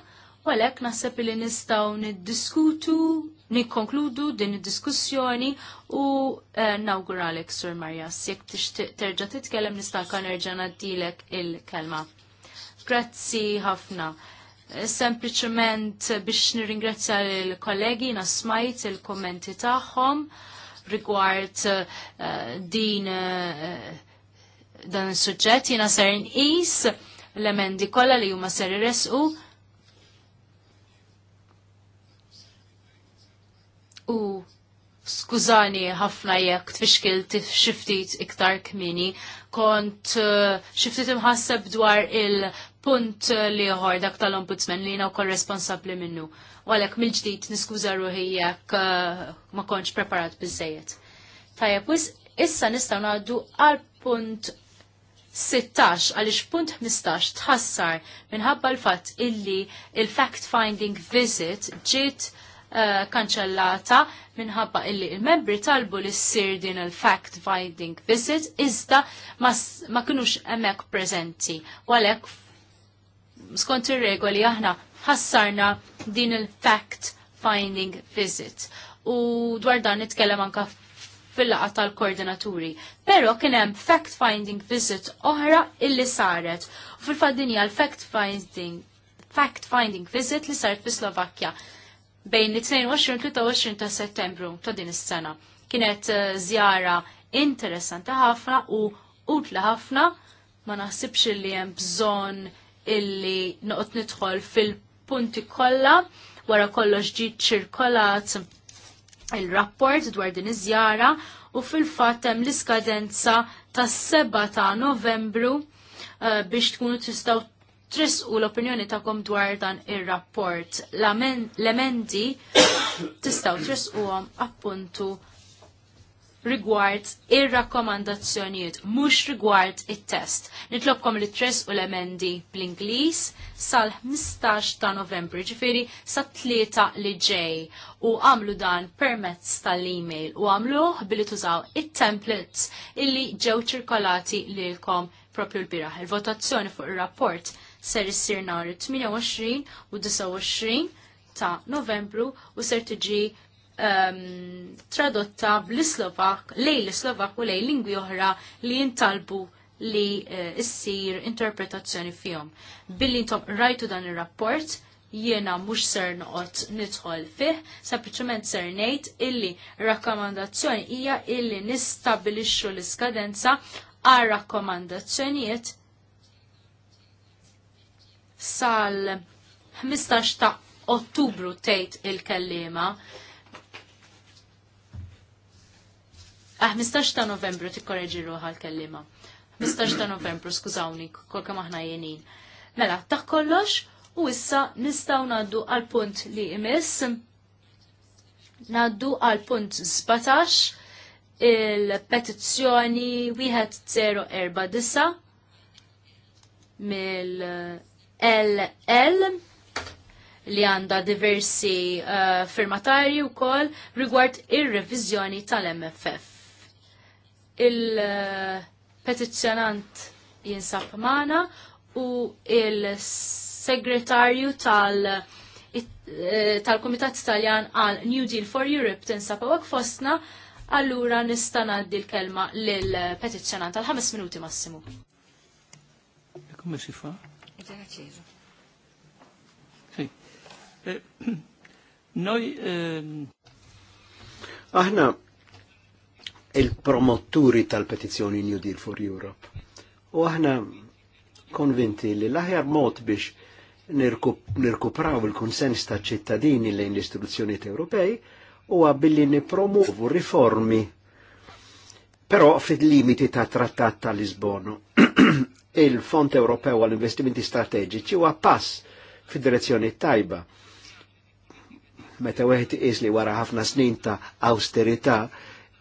u għalek naħseb li nistaw niddiskutu nikkonkludu din id-diskussjoni u eh, nawguralek Sur Marjas. tixtieq terġa titkellem nistanka nerġa' naddilek il-kelma. Grazzi ħafna. Sempliċement biex nirringrazzja l-kollegi nasmajt il-kommenti tagħhom rigward eh, din eh, dan is-suġġett jiena ser nqis l-emendi kollha li huma ser iresqu U skużani ħafna jekk tfixkilt xiftit iktar kmini, kont eh, xiftit imħasseb dwar il-punt eh, liħor dak tal-ombudsman li jina u kol responsabli minnu. għalek mil-ġdijt niskuza ruħi jekk eh, ma konċ preparat bizzejiet. Tajab, issa nistaw naħdu għal-punt 16 għalix punt 15 tħassar minħabba l-fatt illi il-fact-finding visit ġiet Eh, kanċellata minħabba illi il-membri talbu li ssir din il-fact finding visit iżda ma kinux hemmhekk preżenti. Walek, għalhekk skont ir-regoli aħna ħassarna din il-fact finding visit. U dwar dan nitkellem anka fil-laqa tal-koordinaturi. Pero kien hemm fact-finding visit oħra illi saret. U fil-faddinja l-fact-finding fact-finding visit li saret fi Slovakkja bejn 22-23 ta' settembru ta' din is-sena. Kienet eh, zjara interessanti ħafna u utla ħafna ma naħsibx li hemm bżonn illi noqgħod nidħol fil-punti kollha wara kollox ġiet ċirkolat il-rapport dwar din iż-żjara u fil-fatt hemm l-iskadenza tas-7 ta' Novembru eh, biex tkunu tistgħu u l-opinjoni ta'kom dwar dan ir-rapport. L-emendi *coughs* tistaw għom appuntu rigward ir-rakkomandazzjonijiet, mhux rigward it-test. Nitlobkom li tres u l-emendi bl-Ingliż sal-15 ta' Novembru, ġifieri sa tlieta li ġej u għamlu dan permezz tal-email u għamluh billi tużaw it-templates illi ġew ċirkolati lilkom propju l-biraħ. Il-votazzjoni fuq ir-rapport ser issir nhar 28 u 29 ta' Novembru u ser tiġi um, tradotta bl-Slovak, lej l-Slovak u lej lingwi oħra li jintalbu li uh, interpretazzjoni fihom. Billi intom rajtu dan ir-rapport, jiena mhux ser noqgħod nidħol fih, sempliċement ser ngħid illi rakkomandazzjoni hija illi nistabilixxu l-iskadenza għal rakkomandazzjonijiet sal 15 ta' Ottubru tgħid il-kellima. Ah, 15 ta' Novembru t-korreġi ruħa l-kellima. 15 ta' Novembru, skużawni, kolka maħna jenin. Mela, ta' kollox, u issa nistaw naddu għal punt li imis, Naddu għal punt 17 il-petizzjoni 1049 mill LL li għanda diversi uh, firmatari u kol rigward ir-revizjoni tal-MFF. Il-petizjonant uh, jinsab mana u il-segretarju tal- uh, tal-Komitat Taljan għal New Deal for Europe tinsab għak fostna allura nista ngħaddi l-kelma lill petizzjonant għal ħames minuti massimu. E come si fa? È già eh, *clears throat* noi... Ehm, aħna il-promotturi tal petizjoni New Deal for Europe. U aħna konvinti li l-aħjar mod biex nirkupraw il-konsens ta' ċittadini lejn l-istituzzjoniet Ewropej u għabilli nipromuvu riformi però fid limiti ta' trattat ta' Lisbonu. *clears throat* il-Fond Ewropew għall-Investimenti Strateġiċi huwa pass fid-direzzjoni tajba. Meta wieħed isli li wara ħafna snin ta' austerità,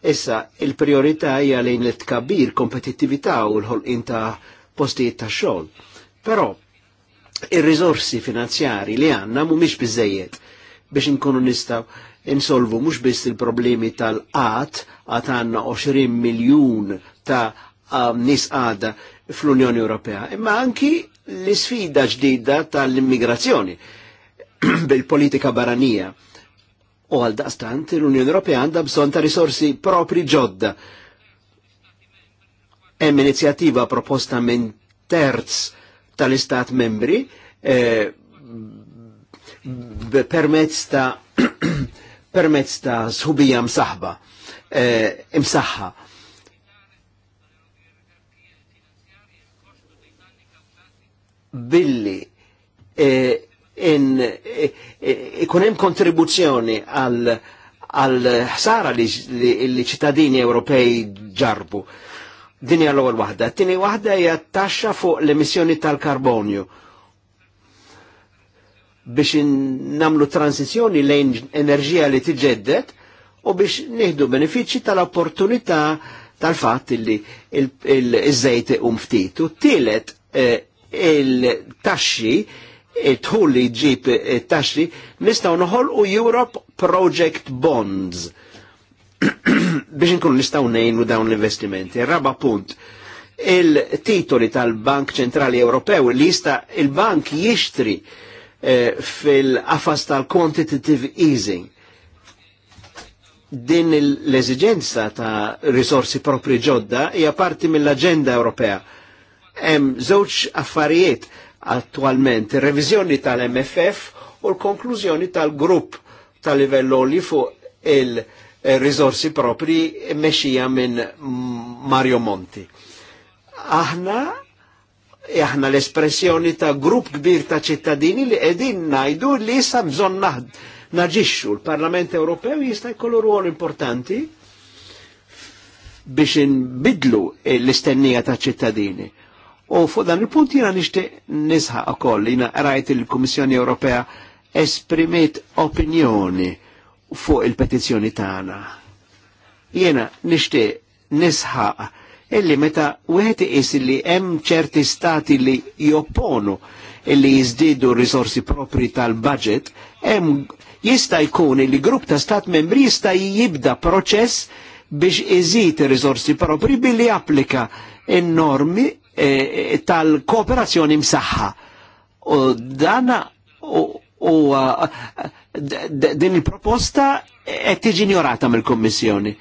issa il-priorità hija lejn l-tkabbir, kompetittività u l-ħolqien ta' postijiet ta' xogħol. Però ir-riżorsi finanzjari li għandna mhumiex biżejjed biex inkunu nistgħu insolvu mhux biss il-problemi tal-qat, għat għandna 20 miljun ta' um, nis għada fl-Unjoni Ewropea, imma anki l-sfida ġdida tal-immigrazzjoni *clears throat* bil-politika barranija. U għal daqstant l-Unjoni Ewropea għandha bżonn ta' risorsi propri ġodda. Hemm inizjattiva proposta minn terz tal-Istat membri eh, permezz ta' *clears throat* permezz ta' sħubija msaħba, eh, imsaħħa billi eh, eh, eh, ikunem hemm kontribuzzjoni għal ħsara li ċittadini Ewropej ġarbu. Din hija l-ewwel waħda. Tieni waħda hija taxxa fuq l-emissjoni tal-karbonju biex namlu transizjoni lejn enerġija li tiġeddet u biex nieħdu benefiċċji tal-opportunità tal-fatt li il-żejt um u mftit. u il, il-taxxi tħul li ġib taxxi nistaw noħol u Europe Project Bonds *clears throat* biex nkun nistaw nejnu dawn l-investimenti. Raba punt, il-titoli tal-Bank Ċentrali Ewropew li jista il-bank jixtri eh, fil-qafas tal-quantitative easing. Din l-eżigenza ta' risorsi propri ġodda hija parti mill-Aġenda Ewropea Hemm żewġ affarijiet attualment, ir-reviżjoni tal-MFF u l-konklużjoni tal-grupp tal-livell li fuq il rizorsi propri mexija minn Mario Monti. Aħna e aħna l-espressjoni ta' grupp kbir ta' ċittadini li edin najdu li jissa bżon naġixxu. L-Parlament Ewropew jista' jkollu ruol importanti biex inbidlu l-istennija ta' ċittadini. U fuq dan il-punt jina nishtiq nisħa ukoll jina rajt il-Kummissjoni Ewropea esprimiet opinjoni fuq il-petizzjoni tagħna. Jena nixtieq nisħaq illi meta wieħed iqis li hemm ċerti stati li jopponu illi jiżdiedu risorsi propri tal-budget, hemm jista' jkun li grupp ta' stat membri jista' jibda proċess biex iżid risorsi propri billi applika in-normi E, e, tal-kooperazzjoni msaħħa. U dan u din il-proposta e, qed tiġi ignorata mill-Kummissjoni.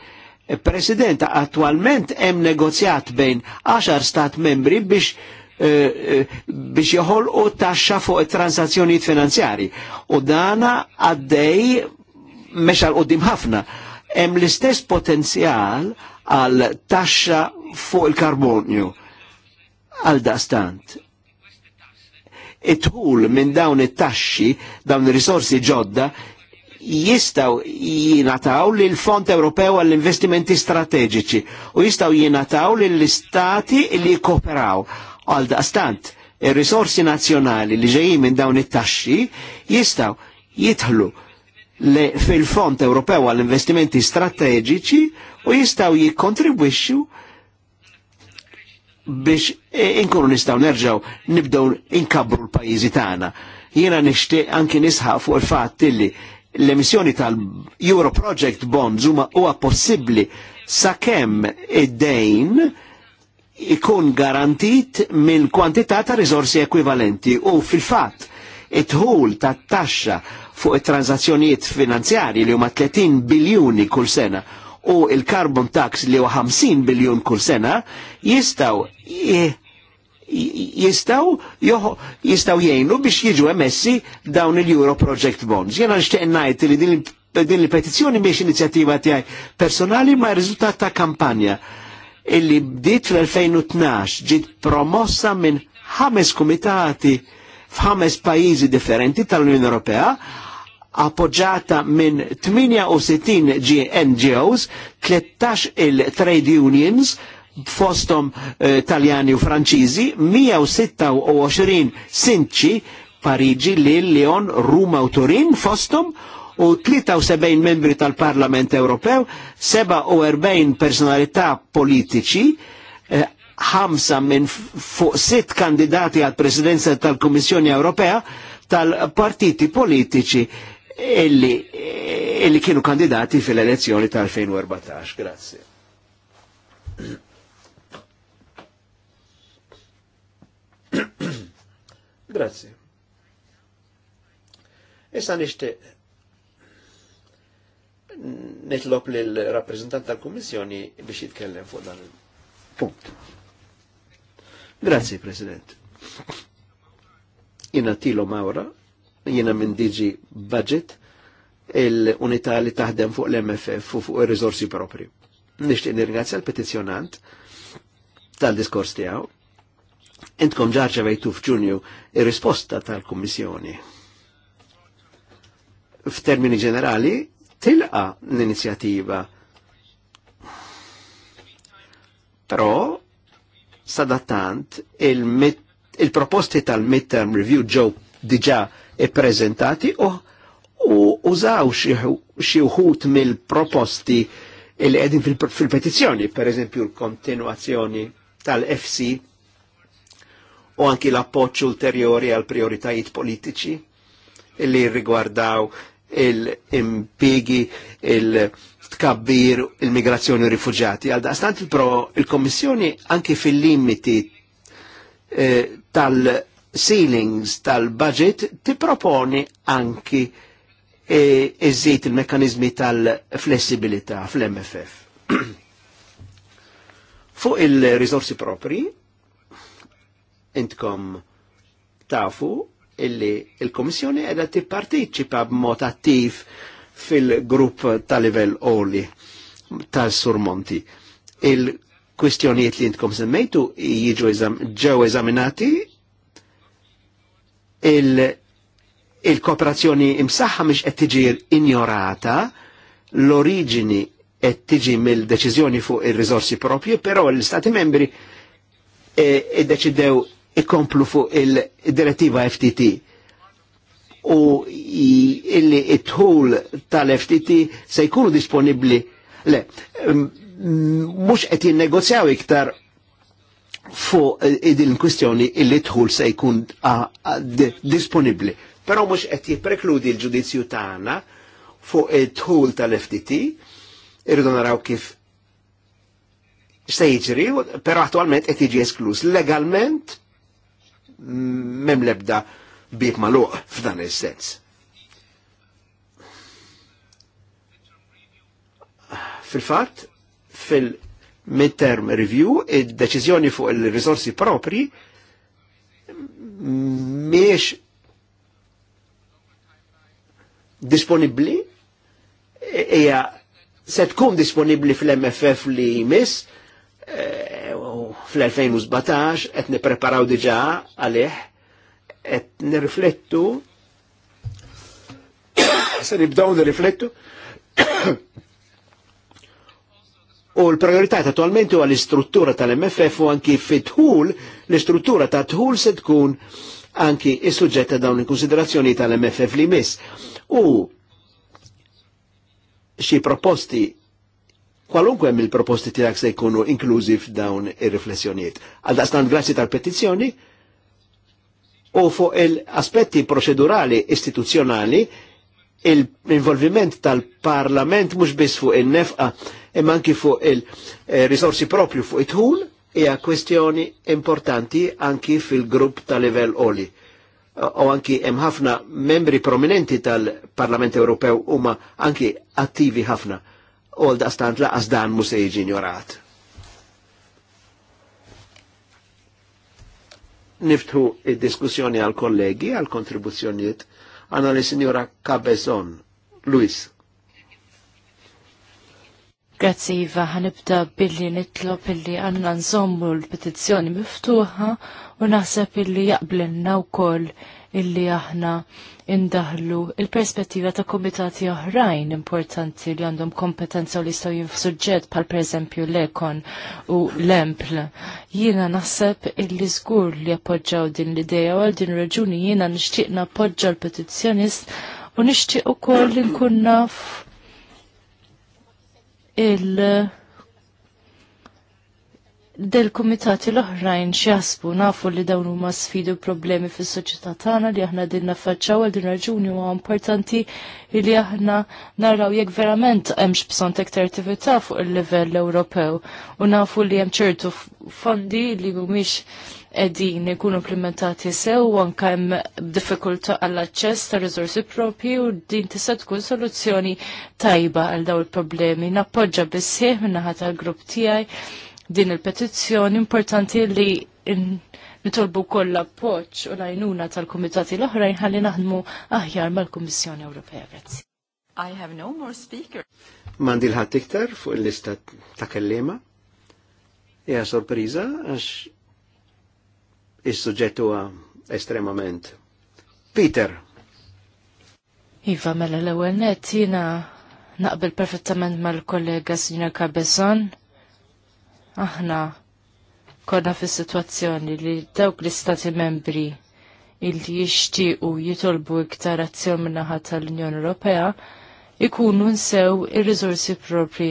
President, attualment hemm negozjat bejn 10 stat membri biex e, biex joħol u taxxa fuq transazzjonijiet finanzjari. U dana għaddej meċa għal qoddim ħafna. Hemm l-istess potenzjal għal taxxa fuq il-karbonju. Għal daqstant, it-tul minn dawn it-taxxi, dawn il risorsi ġodda, jistaw jinataw li l-Fond Ewropew għall-investimenti strategiċi u jistaw jinataw li l-istati li kooperaw. Għal daqstant, il-risorsi nazjonali li ġejjin minn dawn it-taxxi jistaw jitħlu fil-Fond Ewropew għall-investimenti strategiċi u jistaw jikontribwixxu biex e, inkunu nistaw nerġaw nibdew inkabru l-pajizi tagħna. Jiena nixtieq anki nisħaq fuq il-fatt illi l-emissjoni tal-Euro Project Bonds huma huwa possibbli sakemm id-dejn ikun garantit minn kwantità ta' riżorsi ekwivalenti u fil-fatt it-ħul ta' taxxa fuq it-transazzjonijiet finanzjari li huma 30 biljuni kull sena u il-carbon tax li u 50 biljun kull sena jistaw jistaw jistaw jgħinu biex jiġu emessi dawn il-Euro Project Bonds. Jena nishtiq najt li din il-petizjoni biex inizjattiva tijaj personali ma' rizultat ta' kampanja illi bdiet fl-2012 ġiet promossa minn ħames komitati f'ħames pajjiżi differenti tal-Unjoni Ewropea appoġġata minn 68 NGOs, 13 il-trade unions, fostom eh, taljani u franċiżi, 126 sinċi, Pariġi, Lille, Lyon, Ruma u Turin fostom, u 73 membri tal-Parlament Ewropew, 47 personalità politiċi, eh, ħamsa minn fuq sitt kandidati għal presidenza tal komissjoni Ewropea tal-partiti politiċi illi, illi kienu kandidati fil-elezzjoni tal-2014. Grazie. *coughs* Grazie. Issa nishtiq nitlob lil rappresentant tal-Kummissjoni biex jitkellem fuq dan il-punt. Grazie, President. *coughs* Jina tilo Maura jiena minn DG Budget il-unità li taħdem fuq l-MFF u fuq il-rizorsi propri. Nixtieq nirringrazzja l petizjonant tal-diskors tiegħu. Intkom ġarġa vejtu f'Ġunju il risposta tal-Kummissjoni. F'termini ġenerali, tilqa l-inizjattiva. Però, sadattant, il-proposti il tal midterm review Joe diġa' prezentati u użaw xi uħut mill-proposti li qegħdin fil-petizzjoni, per eżempju l-kontinuazzjoni tal-FC u anki l-appoċ ulterjori għal prioritajiet politiċi li rigwardaw il-impigi, il-tkabbir, il-migrazzjoni u rifugjati. Għal daqstant il-pro il-Kommissjoni anki fil-limiti eh, tal- ceilings tal-budget tipproponi anki eżit e, il mekanizmi tal-flessibilità fl-MFF. *clears throat* Fuq il-risorsi propri, intkom tafu illi il-Komissjoni edha tipparteċipa b'mod attiv fil-grupp ta' livell oli tal-surmonti. Il-kwistjonijiet li intkom semmejtu jiġu ġew eżaminati il-kooperazzjoni il imsaħħa mhix qed tiġi injorata, l-oriġini qed tiġi mill-deċiżjoni fuq ir-riżorsi propju, però l istati membri e, iddeċidew ikomplu fuq il-direttiva FTT u illi it-ħul tal-FTT se jkunu disponibli le, mhux qed jinnegozjaw iktar fuq idil eh, kwistjoni illi tħul se jkun disponibli. Pero mux qed jipprekludi l-ġudizzju tagħna fuq it-tħul tal-FTT, irridu naraw kif se jiġri, pero attualment qed jiġi esklus legalment mem mm, lebda bieb maluq f'dan is-sens. Fil-fatt, fil midterm review, id-deċizjoni fuq il-risorsi propri miex disponibli, hija se tkun disponibli fl-MFF li jmiss eh, fl-2017 et nipreparaw diġa għalih et nirriflettu *coughs* se nibdaw nirriflettu U l-priorità attualment huwa l-istruttura tal-MFF u anki fit l-istruttura ta' tħul se tkun anki is suġġetta dawn il-konsiderazzjoni tal-MFF li miss. U xi proposti kwalunkwe mill proposti tiegħek se jkunu inklużiv dawn ir-riflessjonijiet. Għal daqstant grazzi tal-petizzjoni u fuq il-aspetti proċedurali istituzzjonali l-involviment tal-Parlament mhux biss fuq in-nefqa' imma anki fuq il-risorsi propju fuq it-ħul hija kwestjoni importanti anki fil-grupp ta' livell oli. O anki hemm ħafna membri prominenti tal-Parlament Ewropew huma anki attivi ħafna. U daqstant laqas dan mhux se jiġi ignorat. niftħu id-diskussjoni għal kollegi, għal kontribuzzjoniet, għana li signora Cabezon, Luis. Grazzi Iva, ħanibda billi nitlob billi għanna nżommu l-petizzjoni miftuħa u naħseb illi jaqblenna u koll illi aħna indaħlu il-perspettiva ta' komitati oħrajn importanti li għandhom kompetenza u li jistaw jinfsuġġed pal per eżempju l-ekon u l-empl. Jiena naħseb illi żgur li appoġġaw din l-ideja u għal din raġuni jiena nixtieq nappoġġa l-petizzjonist u nixtieq ukoll li nkun naf il- del kumitati l-oħrajn xjasbu nafu li dawn huma sfidu problemi fis soċjetà tagħna li aħna din faċċaw għal din raġuni huwa importanti li aħna naraw jekk verament hemmx bżonn aktar attività fuq il-livell Ewropew u nafu li hemm ċertu fondi li mhumiex edin ikunu implementati sew u anka hemm diffikultà għall-aċċess ta' riżorsi propri u din tista' tkun soluzzjoni tajba għal daw il-problemi. Nappoġġa bissieħ naħa tal-grupp tiegħi din il-petizzjoni importanti li nitolbu koll appoġġ u lajnuna tal-kumitati l-oħrajn ħalli naħdmu aħjar mal-Kummissjoni Ewropea. Grazzi. I have no more speaker. Mandi l-ħat iktar fuq il-lista ta' kellema. Ja sorpriza, għax is-suġġett huwa estremament. Peter. Iva, mela l-ewwel net jiena naqbel perfettament mal-kollega Sinjor Cabezon. Aħna konna fis-sitwazzjoni li dawk l-istati membri illi jixtiequ jitolbu iktar azzjon min-naħa tal-Unjoni Ewropea ikunu nsew ir-riżorsi propri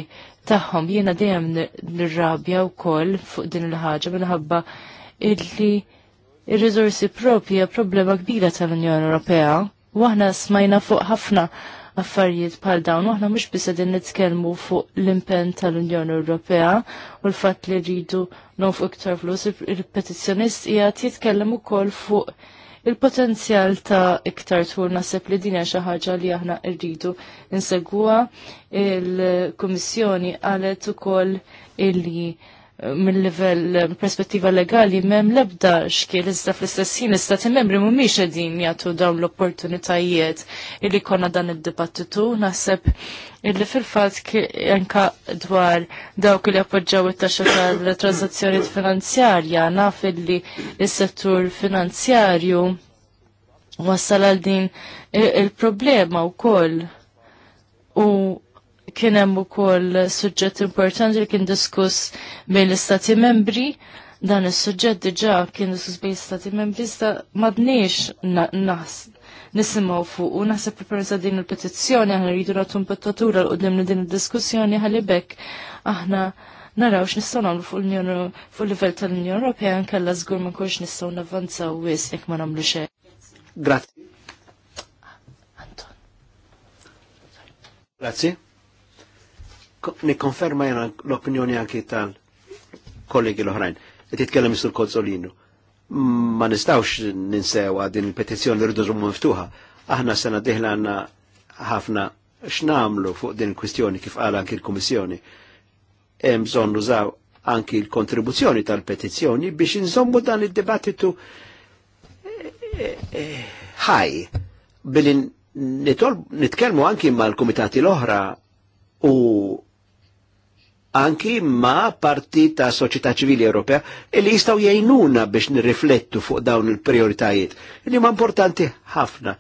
tagħhom. Jiena dejjem nirrabja wkoll fuq din il-ħaġa minħabba illi ir rizorsi propi hija problema kbira tal-Unjoni Ewropea. Waħna smajna fuq ħafna affarijiet bħal dawn, waħna mhux biss qegħdin nitkellmu fuq l-impenn tal-Unjoni Ewropea u l-fatt li rridu nonfu iktar flus, il-petizzjonist hija jitkellem ukoll fuq il-potenzjal ta' iktar tħur nasib li dinja xi ħaġa li aħna rridu insegwa il-Kummissjoni qalet ukoll illi mill-level eh, perspettiva legali mem lebda xkiel iżda fl istessin istati membri mhumiex qegħdin jagħtu dawn l-opportunitajiet illi konna dan id-dibattitu naħseb illi fil-fatt anka dwar dawk li appoġġaw it-taxxa tal-transazzjoni finanzjarja naf illi is-settur finanzjarju wassal għal din il-problema wkoll u kien hemm ukoll suġġett importanti li kien diskuss bejn l-istati membri dan is-suġġett diġà kien diskuss bejn l-istati membri iżda m'għadniex nas nisimgħu fuq u naħseb permezz din il-petizzjoni aħna rridu nagħtu impettatura l qudiem li din id-diskussjoni ħalli bekk aħna naraw x'nistgħu nagħmlu fuq l-Unjoni fuq livell tal-Unjoni Ewropea nkella żgur ma nkunx nistgħu navvanzaw wis jekk ma nagħmlu xejn. Grazzi. Anton. Grazzi nikkonferma jena l-opinjoni anki tal-kollegi l-oħrajn. li jitkellem sur Kozzolinu. Ma nistawx ninsew din il-petizzjoni li rridu żommu miftuħa. Aħna sena diħla għanna ħafna x'namlu fuq din il-kwistjoni kif qal anki l-Kummissjoni. Hemm bżonn nużaw anki l-kontribuzzjoni tal-petizzjoni biex inżommu dan id-dibattitu eh, eh, ħaj billi nitkellmu anki mal-kumitati l-oħra u anki ma parti ta' soċjetà ċivili Ewropea li jistgħu jgħinuna biex nirriflettu fuq dawn il-prioritajiet li ma importanti ħafna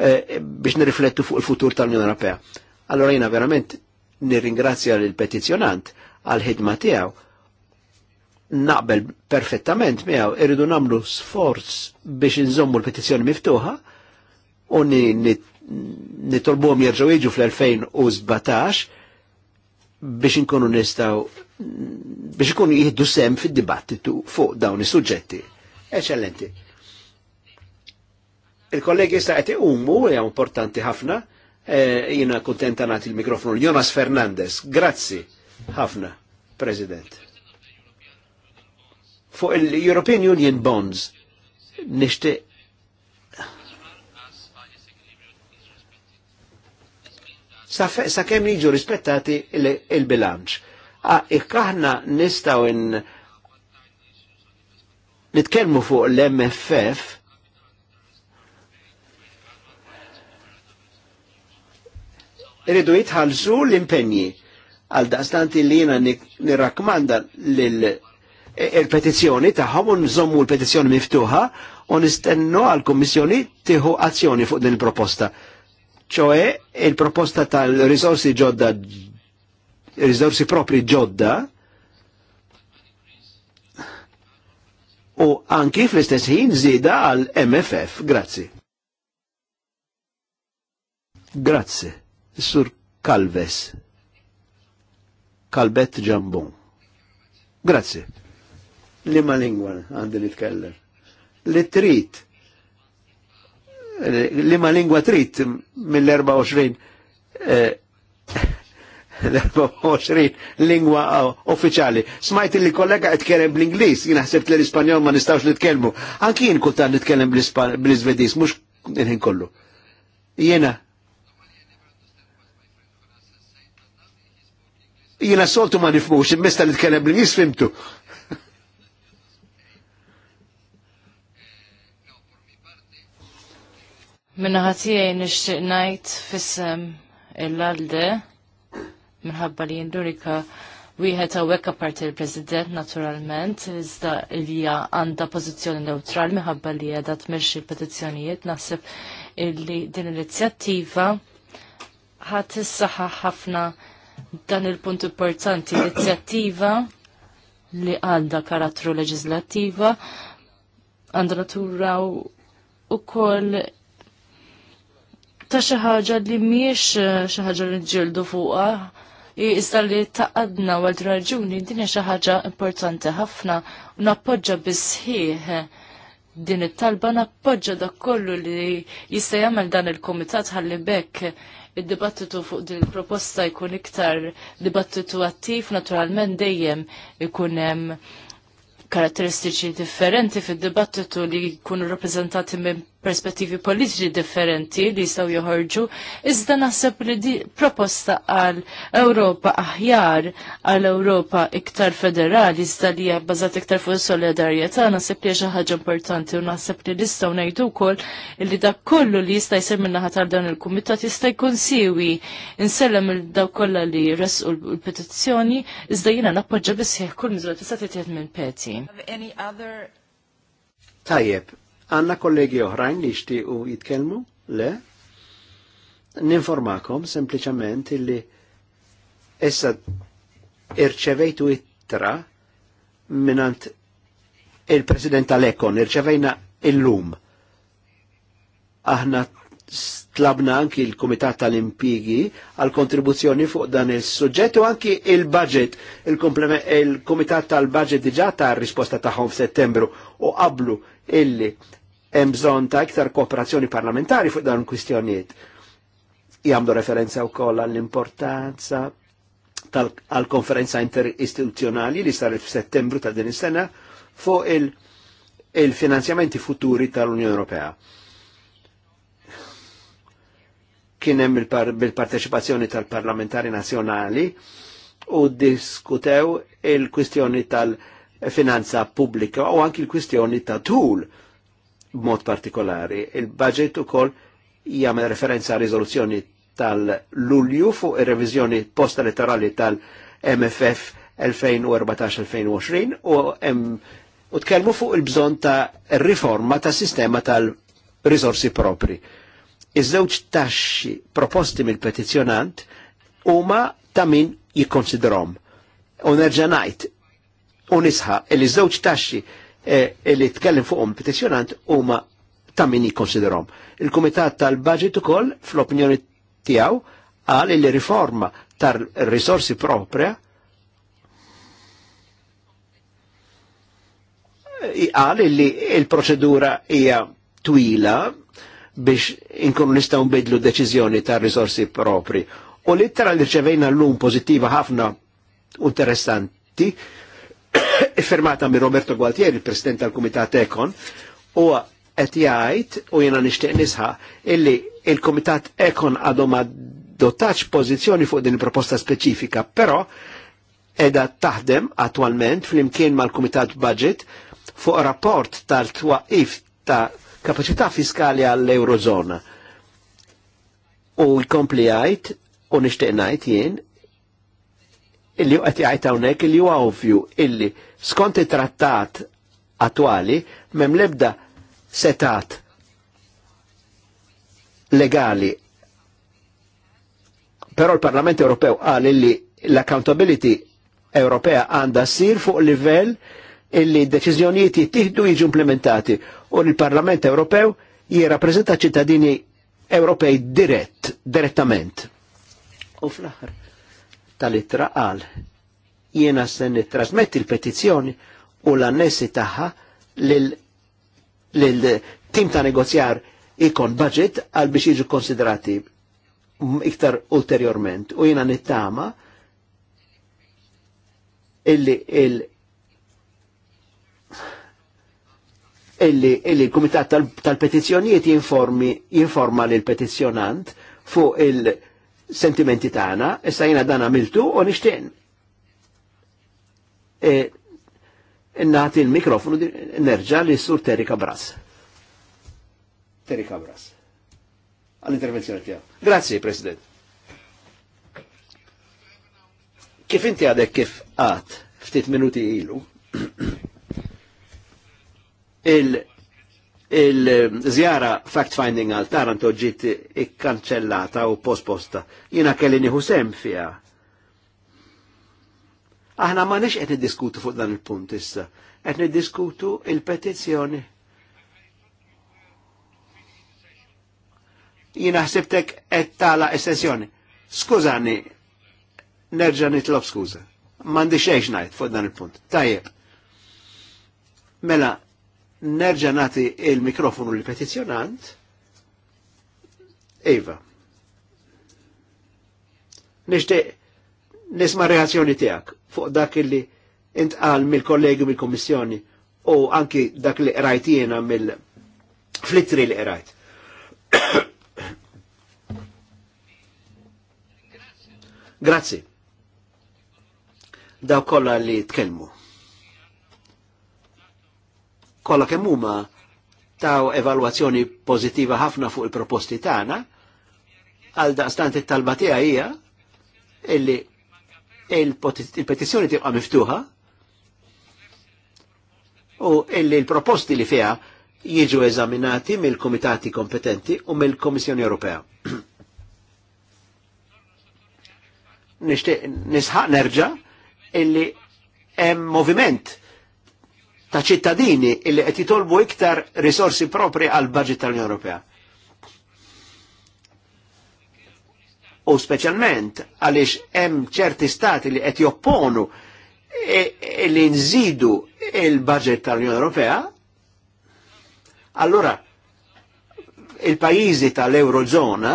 eh, biex nirriflettu fuq il-futur tal-Unjoni Ewropea. Allora jiena verament nirringrazzja lil petizzjonant għal ħidma tiegħu naqbel perfettament miegħu irridu nagħmlu sforz biex inżommu l-petizzjoni miftuħa u nitolbuhom jerġgħu jiġu fl-2017 biex inkunu nistaw biex ikunu jihdu sem fil-dibattitu fuq dawn is-suġġetti. Eċellenti. Il-kollegi sta' għeti ummu, hija importanti ħafna, e, jina kontenta nati il-mikrofonu. Jonas Fernandez, grazzi ħafna, President. Fuq il-European Union Bonds, nishtiq sa' kemm jiġu rispettati il-bilanċ. Ikkaħna nistaw in nitkelmu fuq l-MFF irridu jitħalsu l-impenji għal daqstanti li jina nirrakmanda l-petizjoni taħħom un nżommu l-petizjoni miftuħa u nistennu għal-Kommissjoni tiħu azzjoni fuq din il-proposta ċoe il-proposta tal-risorsi ġodda, risorsi propri ġodda, u anki fl-istess ħin zida għal MFF. Grazzi. Grazzi. Sur Calves. Calvet Ġambon. Grazzi. Lima lingwa għandi nitkellem. Li trit li ma lingwa trid mill-24 eh, l-24 lingwa uffiċali, Smajt li kollega jitkellem bl inglis jina ħsebt li l-Ispanjol ma nistawx nitkellmu. Anki jien kultant nitkellem bl isvedis mhux il-ħin kollu. Jiena jiena soltu ma nifmux, immesta li tkellem bl inglis fimtu. Minna ħatijaj nishtiq najt fissem il-lalde minħabba li jindurika wieħed hawnhekk apparti il-President naturalment iżda li għandha pożizzjoni neutral minħabba li qiegħda tmexxi l-petizzjonijiet naħseb illi din l-inizjattiva ħadd tissaħħa ħafna dan il-punt importanti l inizjattiva li għandha karattru leġislattiva għandha natura u koll ta' xi ħaġa li mhijiex eh, xi ħaġa li ġildu fuqha. Iżda li taqadna għal raġuni din hija xi ħaġa importanti ħafna u nappoġġa bisħieħ din it-talba nappoġġa dak kollu li jista' jagħmel dan il-kumitat ħalli bekk id-dibattitu fuq din il-proposta jkun iktar dibattitu attiv naturalment dejjem ikun hemm karatteristiċi differenti fid-dibattitu li jkunu rappreżentati minn perspettivi politiċi differenti li jistaw joħorġu, iżda naħseb li di proposta għal Ewropa aħjar, għal Ewropa iktar federali, iżda li jabbażat iktar fuq solidarjetà, naħseb li xi ħaġa importanti u naħseb li nistgħu ngħidu wkoll li dak kollu li jista' jsir minnaħa ħatar dan il-kumitat jista' jkun siwi insellem il daw kollha li resqu l-petizzjoni, iżda jiena nappoġġa biss kull miżura tista' titjed minn peti. Tajjeb, Għanna kollegi oħrajn li jishtiqu jitkelmu? Le? Ninformakom sempliciment illi essa irċevejtu ittra minant il-President tal-Ekon, irċevejna il-lum. Aħna stlabna anki l-Komitat tal-Impigi għal kontribuzzjoni fuq dan il-sujġett u anki il-budget, il-Komitat tal-Budget diġa ta' risposta taħħom f'Settembru u qablu illi hemm ta' iktar kooperazzjoni parlamentari fuq dan kwistjonijiet. Jamdu referenza koll għall-importanza tal-konferenza interistituzjonali li saret f'Settembru ta' din is-sena fuq il-finanzjamenti futuri tal-Unjoni Ewropea kienem bil-parteċipazzjoni tal-parlamentari nazjonali u diskutew il-kwistjoni tal-finanza pubblika u anki il-kwistjoni ta' tul b'mod partikolari. Il-budget ukoll jagħmel referenza għal riżoluzzjoni tal-Lulju fuq ir-reviżjoni post-elettorali tal-MFF 2014-2020 u u tkellmu fuq il-bżon ta' riforma ta' sistema tal rizorsi propri Iż-żewġ taxxi proposti mill-petizzjonant huma ta' min jikkonsidrom. U nerġa' ngħid u nisħa li żewġ taxxi eh, li tkellem fuqhom petizzjonant huma ta' min jikkonsidrom. Il-Kumitat tal-Budget ukoll fl-opinjoni tiegħu qal li riforma tar-risorsi propria qal li il-proċedura hija twila biex inkunu nistaw nbidlu deċiżjoni ta' risorsi propri. U l-ittara li rċevejna l-lum pozittiva ħafna interessanti, *coughs* firmata mi Roberto Gualtieri, il-President tal-Kumitat Ekon, u qed jgħid u jiena nishtiq nisħa illi il-Kumitat Ekon għadhom dotaċ pożizzjoni fuq din il-proposta speċifika, però edha taħdem attualment fl-imkien mal-Kumitat Budget fuq rapport tal-twaqif ta' kapacità fiskali għall-Eurozona. U jkompli għajt, u nishtiq ngħid jien, illi qed jgħid hawnhekk illi huwa ovvju illi skont it-trattat attwali m'hemm lebda setat legali. Però l-Parlament Ewropew qal illi l-accountability Ewropea għandha ssir fuq livell illi deċiżjonijiet jittieħdu jiġu implementati u l-Parlament Ewropew jirrappreżenta ċittadini Ewropej dirett, direttament. U fl-aħħar tal-ittra qal jiena se nittrasmetti l-petizzjoni u l-annessi tagħha lil-tim ta' negozjar ikon budget għal biex jiġu konsiderati iktar ulterjorment. U jiena nittama illi illi il-Kumitat tal-Petizzjonijiet jinforma l petizzjonant fuq il-sentimenti tagħna, issa jiena dan għamiltu u nixtieq. E, Nagħti il-mikrofonu nerġa' li sur Terika Bras. Terika Bras. Għall-intervenzjoni tiegħu. Grazzi, President. Kif inti għadek kif għat ftit minuti ilu, *clears throat* il-żjara il eh, fact-finding għal Taranto ġiet ikkanċellata u posposta. Jina kelli nieħu sem fija. Aħna ma nix qed niddiskutu fuq dan il-punt issa, qed niddiskutu il-petizzjoni. Jina ħsibtek qed tala sessjoni. Skużani, nerġa' nitlob skuża. Mandi xejn ngħid fuq dan il-punt. Tajjeb. Mela, Nerġa' nagħti il-mikrofonu l petizzjonant Eva. Nixtieq nisma' reazzjoni tiegħek fuq dak li intqal mill-kollegi mill-Kummissjoni u anki dak li qrajt jiena mill flittri li rajt. *coughs* Grazzi. Daw kollha li tkellmu kolla kemmuma huma taw evalwazzjoni pożittiva ħafna fuq il-proposti tagħna, għal daqstant it-talba tiegħi hija illi il-petizzjoni tibqa' miftuħa u illi l-proposti li fiha jiġu eżaminati mill-komitati kompetenti u mill-Komissjoni Ewropea. Nishtiq nisħaq nerġa' illi hemm moviment ta' ċittadini illi qed jitolbu iktar risorsi propri għal budget tal-Unjoni Ewropea. U speċjalment għaliex hemm ċerti stati li qed jopponu e, e li nżidu il-budget tal-Unjoni Ewropea, allura il-pajjiżi tal-Eurozona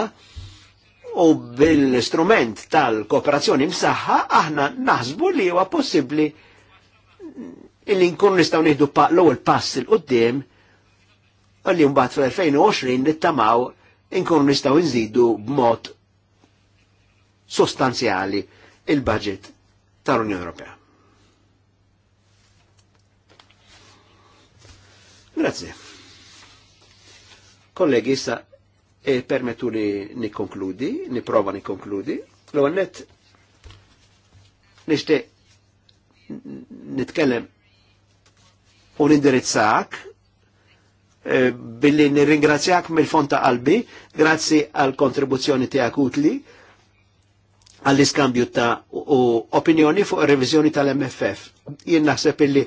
u bil-strument tal-kooperazzjoni msaħħa aħna naħsbu li huwa possibbli illi nkun nistaw nieħdu pa l-ewwel pass il qudiem għalli mbagħad fl-2020 nittamaw nkun nistaw nżidu b'mod sostanzjali il-budget tal-Unjoni Ewropea. Grazie. Kollegi, issa e permettu li nikonkludi, niprova nikonkludi. L-għannet nishtiq nitkellem u nindirizzak eh, billi nirringrazzjak mill-fonta qalbi, grazzi għal kontribuzzjoni tijak utli għall-iskambju ta' u opinjoni fuq revizjoni tal-MFF. Jien naħseb illi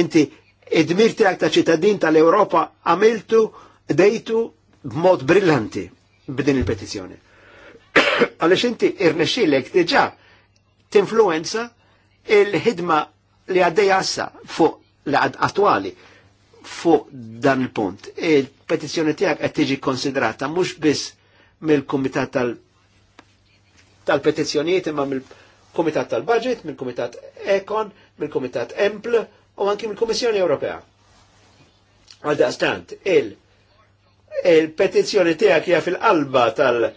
inti id-dmir tijak ta' ċittadin tal europa għamiltu dejtu b'mod brillanti b'din il petizjoni *coughs* Għaliex inti irnexxilek t tinfluenza il-ħidma li għaddej għassa fuq li attuali fuq dan il-punt. Il-petizjoni tijak qed tiġi konsidrata mhux biss mill-Kumitat tal- tal-petizzjonijiet imma mill-Kumitat tal-Budget, mill-Kumitat Ekon, mill-Kumitat Empl u anki mill komissjoni Ewropea. Għal stant, il-petizzjoni il tijak hija fil-qalba tal-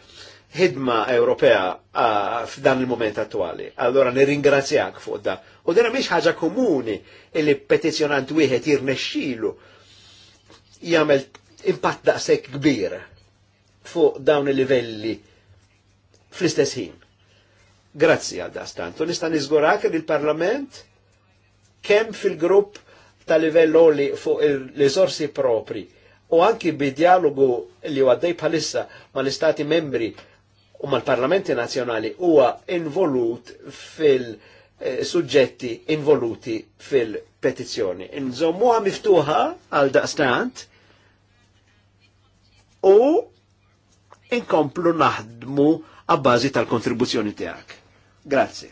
ħidma Ewropea f'dan il-moment attuali. Allora nirringrazzjak fuq da U dena miex ħaġa komuni illi petizjonant wieħed jirnexxilu jagħmel impatt daqshekk kbir fuq dawn il-livelli fl-istess ħin. Grazzi għal dastant. U nista' niżgurak li l-Parlament kemm fil-grupp ta' livell oli fuq il-risorsi propri u anki bid-dialogu li għaddej bħalissa ma' l-istati membri u mal-parlamenti nazjonali huwa involut fil- Eh, suġġetti involuti fil-petizzjoni. Nżommuha miftuħa għal daqstant u inkomplu naħdmu għabbażi tal-kontribuzzjoni tiegħek. Grazzi.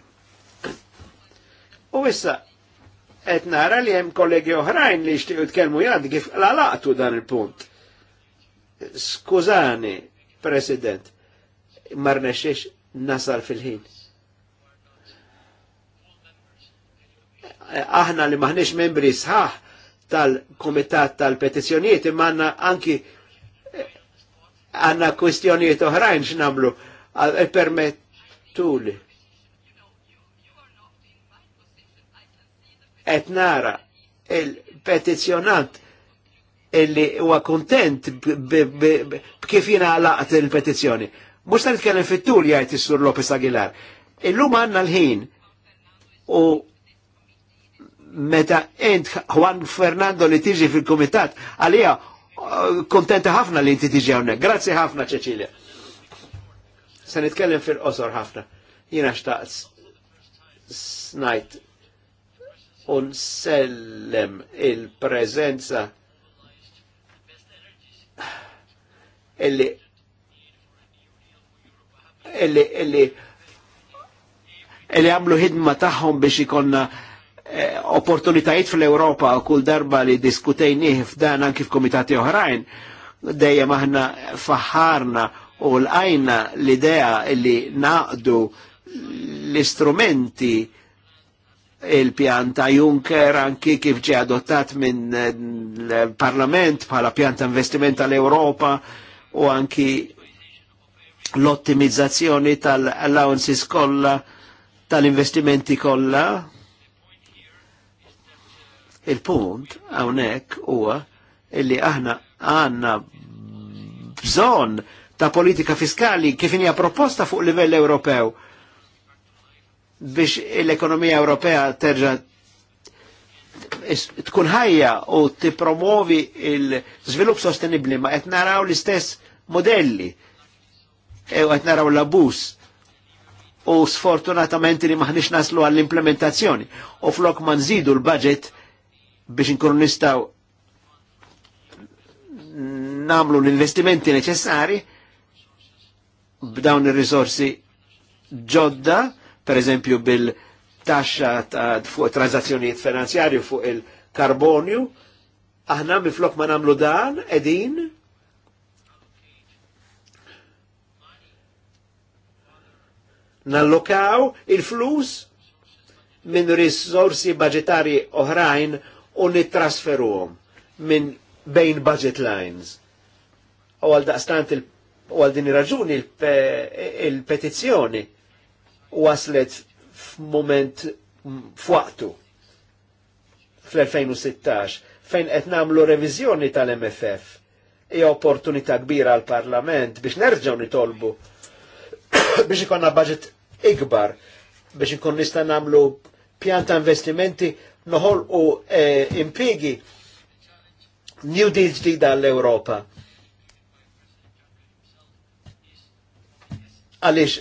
U issa qed nara li hemm kollegi oħrajn li jixtiequ tkelmu jgħaddi kif laqtu dan il-punt. Skużani, President, ma nasal fil-ħin. Eh, aħna li maħniex membri sħaħ tal-Komitat tal-Petizzjonijiet imma għanna anki eh, għanna kwestjonijiet oħrajn x'namlu eh, e permettuli. Et nara il petizjonant illi huwa kontent b'kif jiena laqt il-petizzjoni. Mhux ta' nitkellem fit-tul jgħid is-Sur Lopez Aguilar. Illum għandna l-ħin u meta ent Juan Fernando li tiġi fil-komitat għalija eh, kontenta ħafna li inti tiġi għonek. Grazie ħafna Ċeċilja. Se nitkellem fil-qosor ħafna. Jina xtaqt snajt un sellem il-prezenza illi illi illi illi għamlu hidma taħħom biex ikonna Eh, opportunitajiet fl-Europa kull darba li diskutejnih f'dan anki f'komitati oħrajn, dejjem aħna faħarna u l-ajna l-idea li naqdu l-istrumenti il pjanta Juncker anki kif ġie adottat minn eh, l-Parlament bħala pjanta investiment tal-Europa u anki l-ottimizzazzjoni tal-allowances kollha tal-investimenti kollha Il-punt hawnhekk huwa illi aħna għandna bżonn ta' politika fiskali kif hija proposta fuq livell Ewropew biex l-ekonomija Ewropea terġa' tkun ħajja u tippromovi il-żvilupp sostenibbli ma qed naraw l-istess modelli e, u qed naraw l-abus u sfortunatament li maħniex naslu għall-implementazzjoni u flok ma nżidu l-budget biex inkunu nistaw namlu l-investimenti neċessari b'dawn ir-risorsi ġodda, per eżempju bil-taxxa fuq transazzjonijiet finanzjarju fuq il-karbonju, aħna miflok ma namlu dan, edin, nallokaw il-flus minn risorsi budgetari oħrajn u nittrasferuhom minn bejn budget lines. U għal daqstant u għal din raġuni il-petizzjoni eh, waslet f mm, f'waqtu fl-2016 fejn qed nagħmlu reviżjoni tal-MFF hija opportunità kbira għal parlament biex nerġgħu nitolbu *coughs* biex ikonna budget ikbar biex ikun nista' nagħmlu pjanta investimenti noħol u eh, impigi New Deal ġdida l-Europa. Għalix,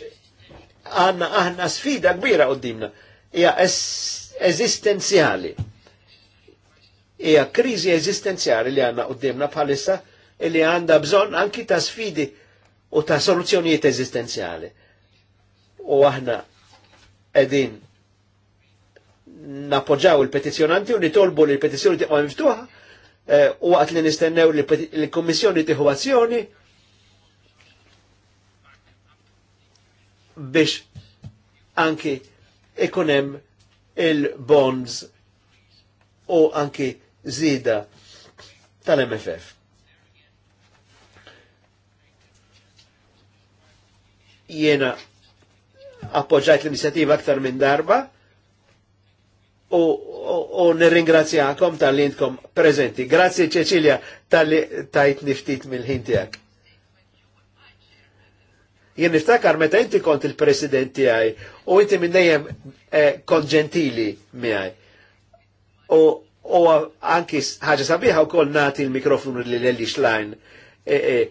għanna aħna sfida kbira u dimna, hija eżistenzjali. Hija krizi eżistenzjali li għanna u dimna bħalissa li għanda bżon anki ta' sfidi u ta' soluzzjonijiet eżistenzjali. U aħna edin Nappoġġaw il-petizjonanti u nitolbu li l-petizjoni tibqa' miftuħa eh, u waqt li nistennew li l-Kummissjoni tieħu azzjoni biex anki ikun hemm il-bonds u anki zida tal-MFF. Jena appoġġajt l-inizjattiva aktar minn darba u u, u nirringrazzjakom tal-li jintkom prezenti. Grazie Cecilia tal-li tajt niftit mill ħintijak Jien niftakar meta inti kont il-president tiegħi u inti minn eh, kont ġentili miegħi. U, u anki ħaġa sabiħa u wkoll nagħti l-mikrofonu l Elli Schlein. Eh, eh.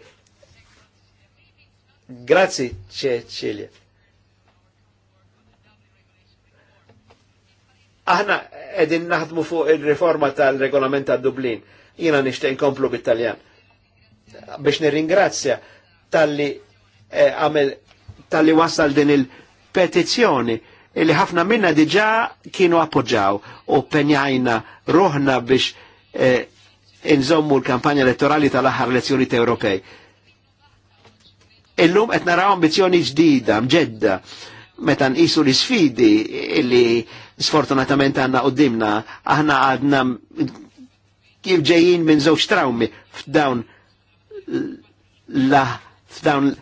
Grazie, Cecilia. Aħna edin naħdmu fuq il-riforma tal-regolament ta' Dublin. Jina nishtiq inkomplu bit-Taljan. Biex nirringrazzja tal-li eh, għamil tal-li wasal din il-petizzjoni li ħafna minna diġa kienu appoġġaw u penjajna ruħna biex eh, inżommu l-kampanja elettorali tal-aħħar elezzjoni ta' Ewropej. Illum qed naraw ambizzjoni ġdida, mġedda, meta nqisu l-isfidi li sfortunatament għanna dimna, aħna għadna kif ġejjin minn żewġ traumi f'dawn la f'dawn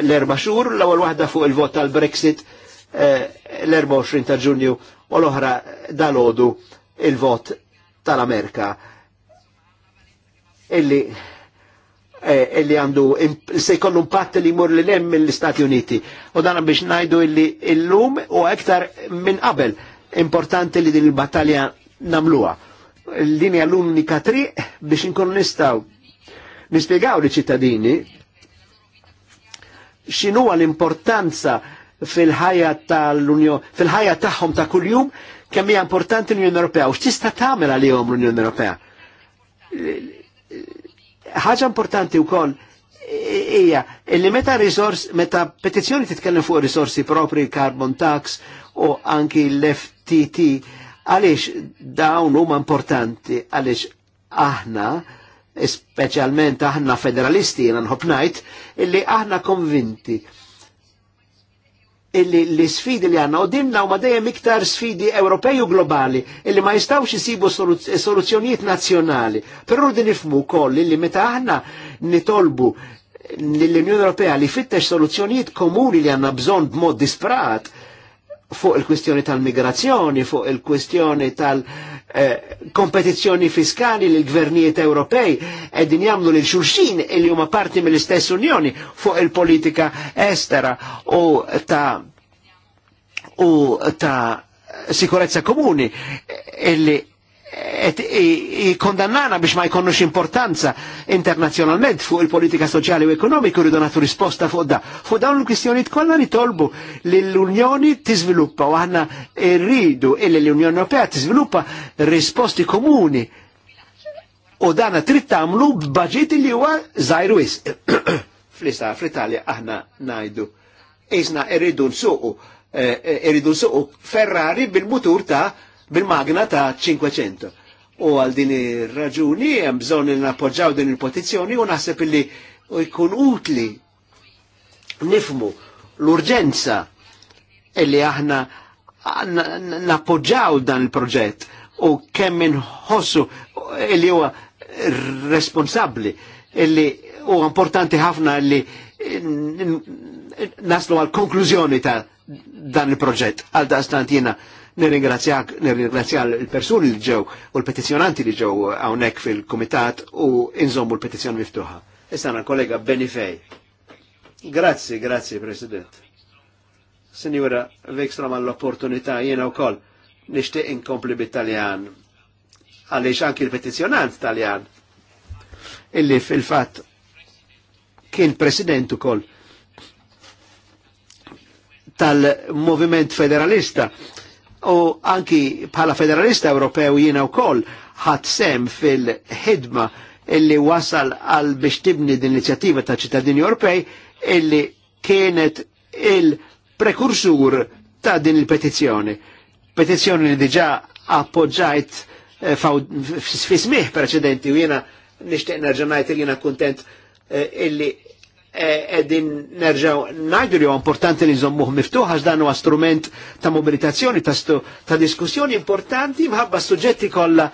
l-erba' xhur, l-ewwel waħda fuq il-vot tal-Brexit eh, l-24 ta' Ġunju u l-oħra dal-għodu il-vot tal-Amerika illi eh, illi għandu se jkollu impatt li jmur li lem mill-Istati Uniti. U dan biex najdu illi illum u aktar minn qabel importanti li din il-battalja namluwa. Din hija l-unika triq biex inkun nistaw nispiegaw li ċittadini xinu l-importanza fil-ħajja tal-Unjon, fil-ħajja tagħhom ta' kuljum kemm hija importanti l-Unjoni Ewropea u x'tista' tagħmel għalihom l-Unjoni Ewropea. Ħaġa importanti wkoll hija li meta risors meta petizzjoni titkellem fuq risorsi propri carbon tax u anki l left tt għaliex dawn huma importanti għaliex aħna specialment aħna federalisti jena nħob ngħid illi aħna konvinti illi l-sfidi li għanna għodimna u dejjem iktar sfidi Ewropej u globali illi ma jistawx jisibu soluzzjonijiet nazjonali. Però din ifmu koll illi meta aħna nitolbu l-Unjoni Ewropea li fittex soluzzjonijiet komuni li għanna bżon b'mod disprat, fuq il-kwistjoni tal-migrazzjoni, fuq il-kwistjoni tal-kompetizzjoni eh, fiskali li l-gvernijiet Ewropej edin jamlu li xurxin il huma parti mill-istess Unjoni fuq il-politika estera u ta' u ta' sikurezza komuni illi kondannana biex ma jkonnux importanza internazjonalment fuq il-politika soċjali u ekonomiku rridu nagħtu risposta fuq da. Fuq dawn il-kwistjonijiet kollha nitolbu li l-Unjoni tiżviluppa u aħna rridu illi l-Unjoni Ewropea tiżviluppa risposti komuni u dana trid tagħmlu b'baġit li huwa żgħir wisq. *coughs* Flista fl-Italja aħna ngħidu isna irridu nsuqu eh, eh, irridu nsuqu Ferrari bil-mutur ta' bil-magna ta' 500. U għal din ir-raġuni hemm bżonn li nappoġġaw din il-petizzjoni u naħseb illi jkun utli nifmu l-urġenza illi aħna nappoġġaw dan il-proġett u kemm inħossu illi huwa responsabbli illi u importanti ħafna illi naslu għal konklużjoni ta' dan il-proġett għal da' stantina Nirringrazzjak, nirringrazzja l-persuni li ġew u l-petizjonanti li ġew hawnhekk fil-kumitat u inżommu l-petizzjoni miftuħa. Issa għandna kollega Benifej. Grazzi, grazzi, President. Sinjura ma l opportunità jiena wkoll nixtieq inkompli bit-Taljan għaliex anki l petizjonant Taljan illi fil-fatt kien president ukoll tal movement federalista u anki bħala federalista Ewropew jiena wkoll ħadd sem fil-ħidma illi wasal għal biex tibni din l-inizjattiva ta' ċittadini Ewropej illi kienet il-prekursur ta' din il-petizzjoni. Petizzjoni li diġa appoġġajt fismiħ preċedenti u jena nishtiq nerġanajt li jena kontent illi E, edin nerġaw najdu li importanti li zommuħ miftuħ għax danu huwa strument ta' mobilitazzjoni, ta', diskussjoni importanti mħabba suġġetti kollha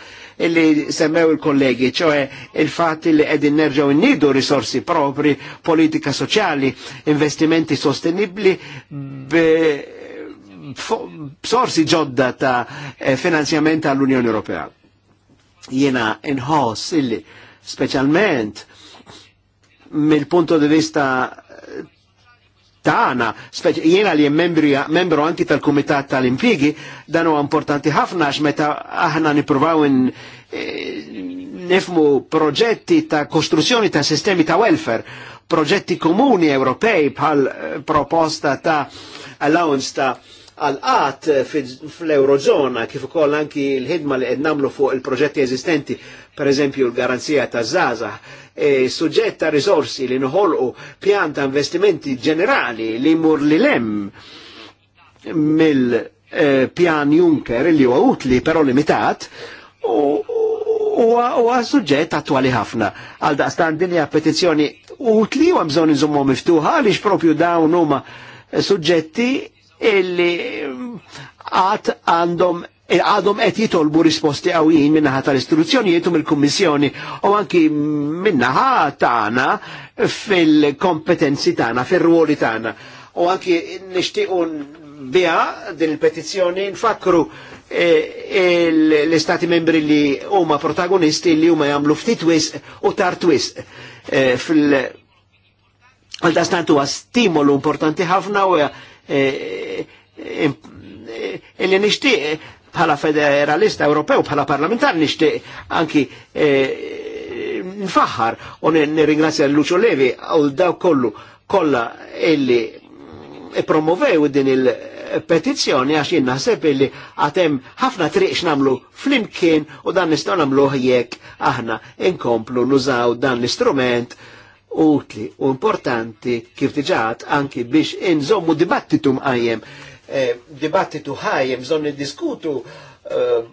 li semmew il-kollegi, ċoħe il-fat li edin nerġaw nidu risorsi propri, politika soċjali, investimenti sostenibli, b-sorsi ġodda ta' eh, finanzjament għall-Unjoni Ewropea. Jena inħoss illi specialment mill-punto di vista eh, tagħna, jiena li membru anki tal-Kumitat tal-Impjigi, dan huwa importanti ħafna għax meta aħna nippruvaw eh, nifmu proġetti ta' kostruzzjoni ta' sistemi ta' welfare, proġetti komuni Ewropej bħal eh, proposta ta' allowance ta' għal-qat fl-Eurozona kif ukoll anki l-ħidma li qed fuq il-proġetti eżistenti, per eżempju l-garanzija ta' Zaza, e, risorsi li nħolqu pjanta ta' investimenti ġenerali li mur li lem mill-pjan e, Juncker li huwa utli però limitat u huwa suġġett attwali ħafna. Għal daqstan din hija petizzjoni utli u bżonn inżommu miftuħa għaliex propju dawn huma suġġetti illi għat għandhom għadhom qed jitolbu risposti qawwijin minnaħa tal-istituzzjonijiet u mill-Kummissjoni u anki minnaħa tagħna fil-kompetenzi tagħna, fir-ruoli tagħna. U anki nixtiequ biha din il-petizzjoni nfakru e, e, l-istati membri li huma protagonisti li huma jagħmlu ftit wisq u tar wisq e, fil- għal dastantu huwa stimolu importanti ħafna u illi nishtiq bħala federalista Ewropew, bħala parlamentar nixtieq anki eh, nfaħħar u nirringrazzja Lucio Levi u daw kollu kollha illi promovew din il- petizzjoni għax jien naħseb illi għatem ħafna triq x'namlu flimkien u dan nistgħu namlu jekk aħna inkomplu nużaw dan l-istrument utli u importanti kif tiġat anki biex inżommu dibattitum għajjem. Eh, dibattitu ħajem, bżon diskutu eh,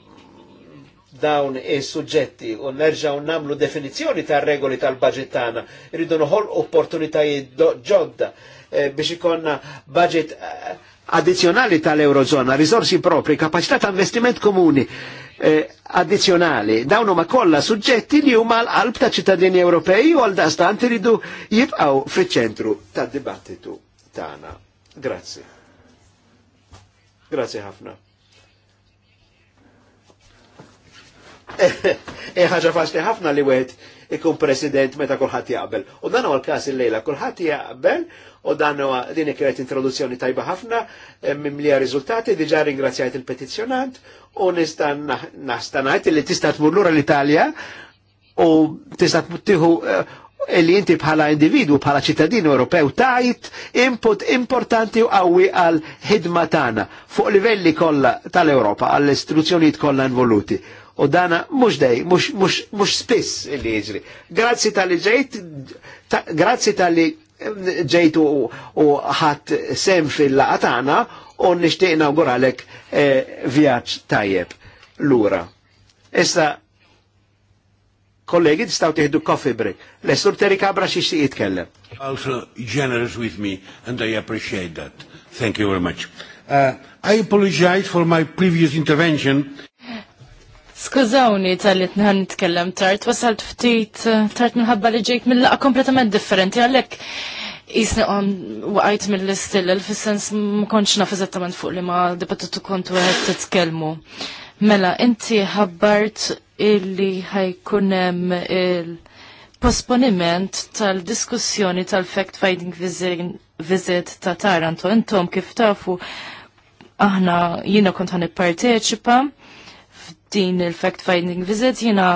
dawn il suġġetti u nerġgħu nagħmlu definizjoni ta' regoli tal-baġit tagħna. Irridu noħol opportunitajiet ġodda eh, biex ikonna budget addizjonali tal-Eurozona, risorsi propri, kapacità ta' investiment komuni eh, addizjonali. Dawnu ma kolla suġġetti li huma l-qalb ta' ċittadini Ewropej u għal d'astanti iridu jibqaw fil ċentru tad-dibattitu tana. Grazie. Grazie ħafna. E ħaġa faċli ħafna li wet ikun president meta kulħadd jaqbel. U dan huwa l-każ illejla kulħadd jaqbel u dan huwa din kienet introduzzjoni tajba ħafna eh, mimlija riżultati diġà ringrazzjajt il-petizzjonant u nista' naħstanajt li tista' tmur lura l-Italja u tista' tieħu li inti bħala individu, bħala ċittadin Ewropew tajt input importanti u għawi għal ħidma tagħna fuq livelli kollha tal europa għall istituzzjonijiet kollha involuti. U dana mhux dej, mhux spiss li jiġri. Grazzi tal-li ġejt, ta, grazzi tal-li eh, ġejt u ħat sem fil-laqa tagħna u nixtieq nawguralek eh, vjaġġ tajjeb l-ura. Issa kollegi tistaw tiħdu coffee break. Lestur Terry Kabra xiex jitkellem. Also generous with me and I appreciate that. Thank you very much. Uh, I apologize for my previous intervention. Skużawni tal-li t nħan nitkellem tart, wasalt ftit uh, tart minħabba li ġejt mill-laqa kompletament differenti għalek jisni għan waqajt mill istil fil-sens mkonċ naf eżattament fuq li ma dibattitu kontu għed t titkellmu. Mela, inti ħabbart illi ħajkunem il-posponiment tal-diskussjoni tal-fact-finding visit ta' Taranto. Intom kif tafu aħna jina kont ħan parteċipa f'din il-fact-finding visit jina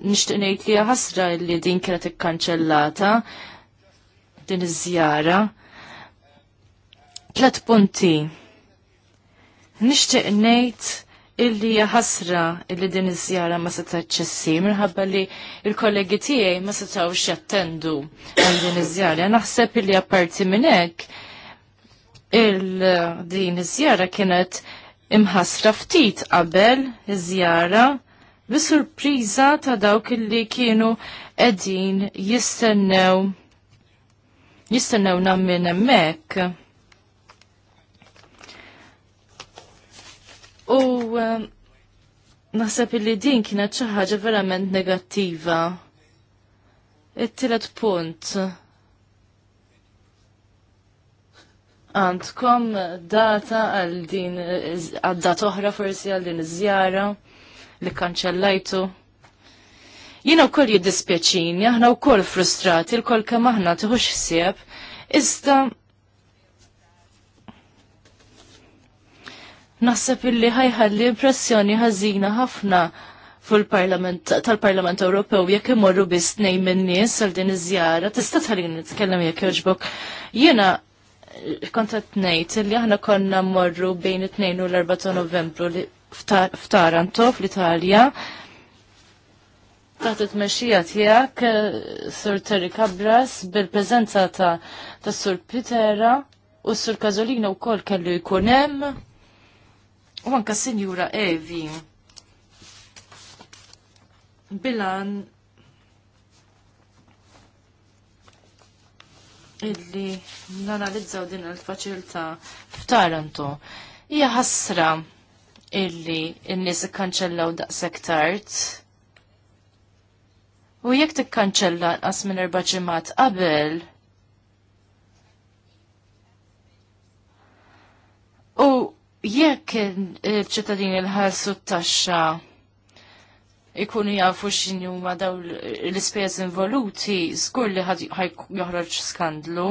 nishtinajt ngħid li ħasra li din kienet ikkanċellata din iż-żjara. Tlet punti. Nixtieq ngħid illi ħasra illi din iż-żjara ma seta' ċessi minħabba li il-kollegi tiegħi ma setgħux jattendu għal din iż-żjara. Naħseb illi apparti minn hekk il-din iż-żjara kienet imħasra ftit qabel iż-żjara bi surpriza ta' dawk illi kienu qegħdin jistennew jistennew minn hemmhekk. U ehm, naħseb li din kienet xi ħaġa verament negattiva. It-tielet punt. Għandkom data għal din għaddat oħra forsi għal din iż-żjara li kanċellajtu. Jiena wkoll jiddispjaċini, aħna wkoll frustrati, l-koll kemm aħna tħux ħsieb, iżda naħseb illi ħajħalli impressjoni ħażina ħafna fil-Parlament tal-Parlament Ewropew jekk imorru biss nejn min-nies għal din iż-żjara, tista' tħallini nitkellem jekk jogħġbok. Jiena eh, kont qed ngħid li aħna konna mmorru bejn it-tnejn u l-4 ta' Novembru f'Taranto fl-Italja. Taħt it-mexxija tiegħek eh, Sur Terry Cabras bil-preżenza ta' Sur Pitera u Sur Kazolina wkoll kellu jkun hemm u anka Sinjura Evi. Bilan illi nanalizzaw din il faċilta f'Taranto. Hija ħasra illi n-nies ikkanċellaw daqshekk tard. U jekk tikkanċella nqas minn erba' ġimgħat qabel, U jekk il-ċittadini l-ħarsu t-taxxa ikunu jafu xinju ma daw l-ispejjeż involuti, skur li joħroġ skandlu.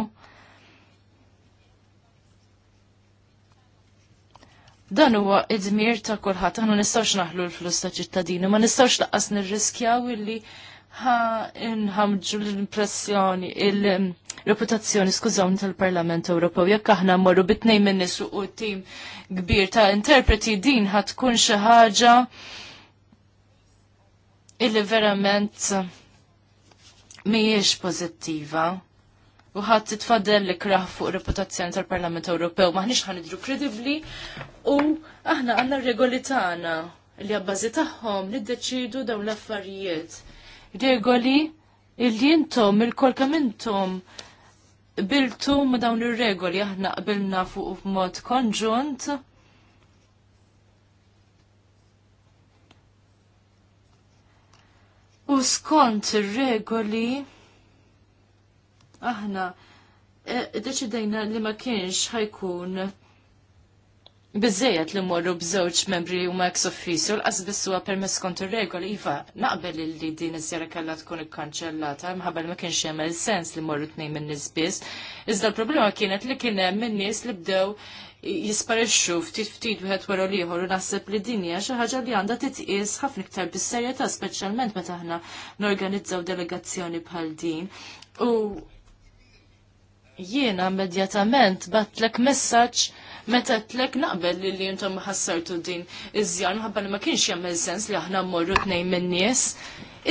Dan huwa id-dmir ta' kulħadd, aħna nistgħux naħlu l-flus ta' ċittadini, ma nistgħux laqqas nirriskjaw illi ħa nħamġu l-impressjoni, il-, -impressjoni, il reputazzjoni skużawni tal-Parlament Ewropew. Jekk aħna mmorru bitnej minn nies u tim kbir ta' interpreti din ħatkun xi ħaġa illi verament mhijiex pożittiva u ħadd titfadel li kraħ fuq reputazzjoni tal-Parlament Ewropew maħniex ħanidru kredibbli u aħna għandna regoli tagħna li għabbażi tagħhom niddeċidu dawn l-affarijiet. Regoli il intom il kolkamentom biltu ma dawn ir-regoli aħna qbilna fuq b'mod konġunt. U skont ir-regoli aħna eh, deċidejna li ma kienx ħajkun Bizzejet li morru bżewġ membri u ma ex officio l-qas bissu permess kont regoli iva naqbel li din iż-żjara kellha tkun ikkanċellata mħabel ma kienx il sens li morru tnejn minn nies biss. Iżda l-problema kienet li kien hemm min nies li bdew jisparixxu ftit ftit wieħed wara l-ieħor u naħseb li din hija xi ħaġa li għandha titqies ħafna iktar bis-serjetà speċjalment meta aħna norganizzaw delegazzjoni bħal din. U jiena immedjatament batlek messaġġ Meta tlek naqbel li li jintom ħassartu din iż-żjar, li ma kienx jagħmel sens li aħna mmorru tnejn min-nies.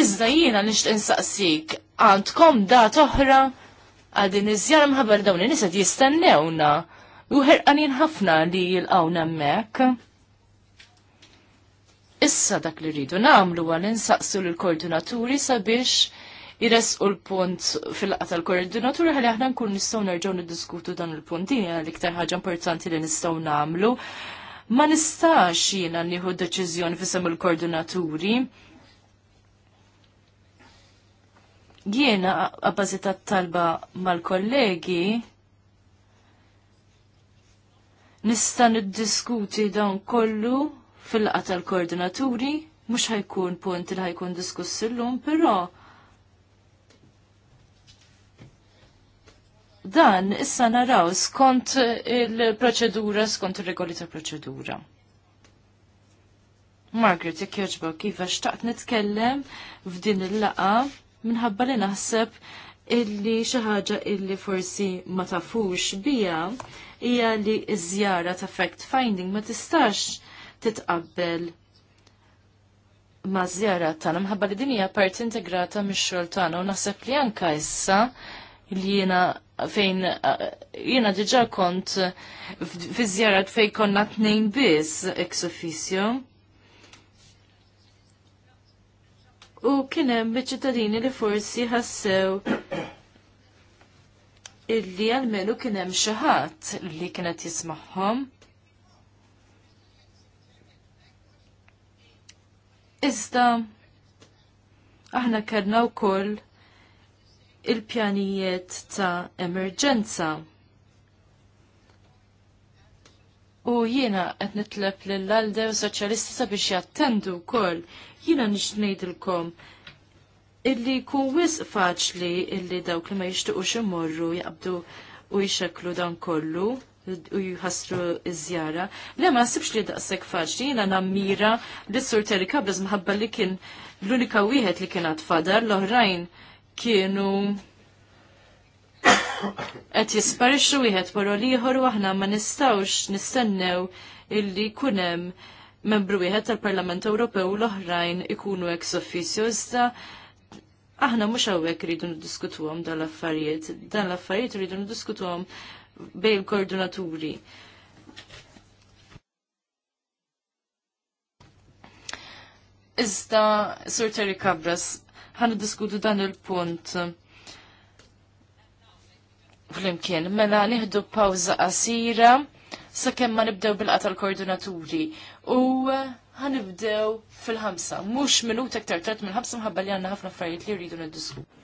Iżda jiena nixtieq insaqsik, għandkom dat oħra għadin iż-żjar mħabbar dawn in-nies qed jistennewna. U ħerqanin ħafna li jilqawna hemmhekk. Issa dak li rridu namlu għal insaqsu l-koordinaturi sabiex jires u l-punt fil-laqqa tal-koordinatura għalli aħna nkun nistgħu nerġgħu niddiskutu dan il-punt din hija l-iktar ħaġa importanti li nistgħu nagħmlu. Ma nistax jiena nieħu deċiżjoni fisem il-koordinaturi. Jiena għabbażi tat-talba mal-kollegi nista' niddiskuti dan kollu fil-laqqa tal-koordinaturi mux ħajkun punt li ħajkun diskuss illum, però Dan issa naraw skont il-proċedura, skont il-regoli ta' proċedura. Margaret, jek joġba, iva, kif xtaqt nitkellem f'din il-laqa minħabba li naħseb illi xaħġa illi forsi ma tafux bija hija li iż-żjara ta' fact finding ma tistax titqabbel ma' żjara tagħna minħabba li din hija parti integrata mix-xogħol tagħna u naħseb li anke issa li jiena fejn uh, jiena diġà kont fi żjara konna konna tnejn biss ex officio. U kien hemm li forsi ħassew illi għalmenu kien hemm xi ħadd li kienet jismahom. Iżda aħna kellna wkoll il-pjanijiet ta' emerġenza. U jiena qed nitleb lill għaldew soċjalisti sabiex jattendu wkoll. Jiena nixt ngħidilkom illi jkun wisq faċli illi dawk li ma jixtiequx imorru jaqbdu u jxeklu dan kollu u jħassru iż-żjara. Le ma sibx li daqshekk faċli jiena nammira li sur Terry bla mħabba li kien l-unika wieħed li kien għad fadar l-oħrajn kienu qed jisparixxu wieħed wara l-ieħor u aħna ma nistgħux nistennew illi jkun hemm membru wieħed tal-Parlament Ewropew l-oħrajn ikunu ex officio iżda aħna mhux hawnhekk rridu niddiskutuhom dan l-affarijiet. Dan l-affarijiet rridu niddiskutuhom bejn il-koordinaturi. Iżda, Sur Terry Cabras, ħan diskutu dan il-punt. Flimkien, mela nieħdu pawza qasira sakemm ma nibdew bil qatal tal-koordinaturi u ħanibdew fil-ħamsa, mhux minut aktar tard mill-ħamsa mħabba li għandna ħafna affarijiet li rridu niddiskutu.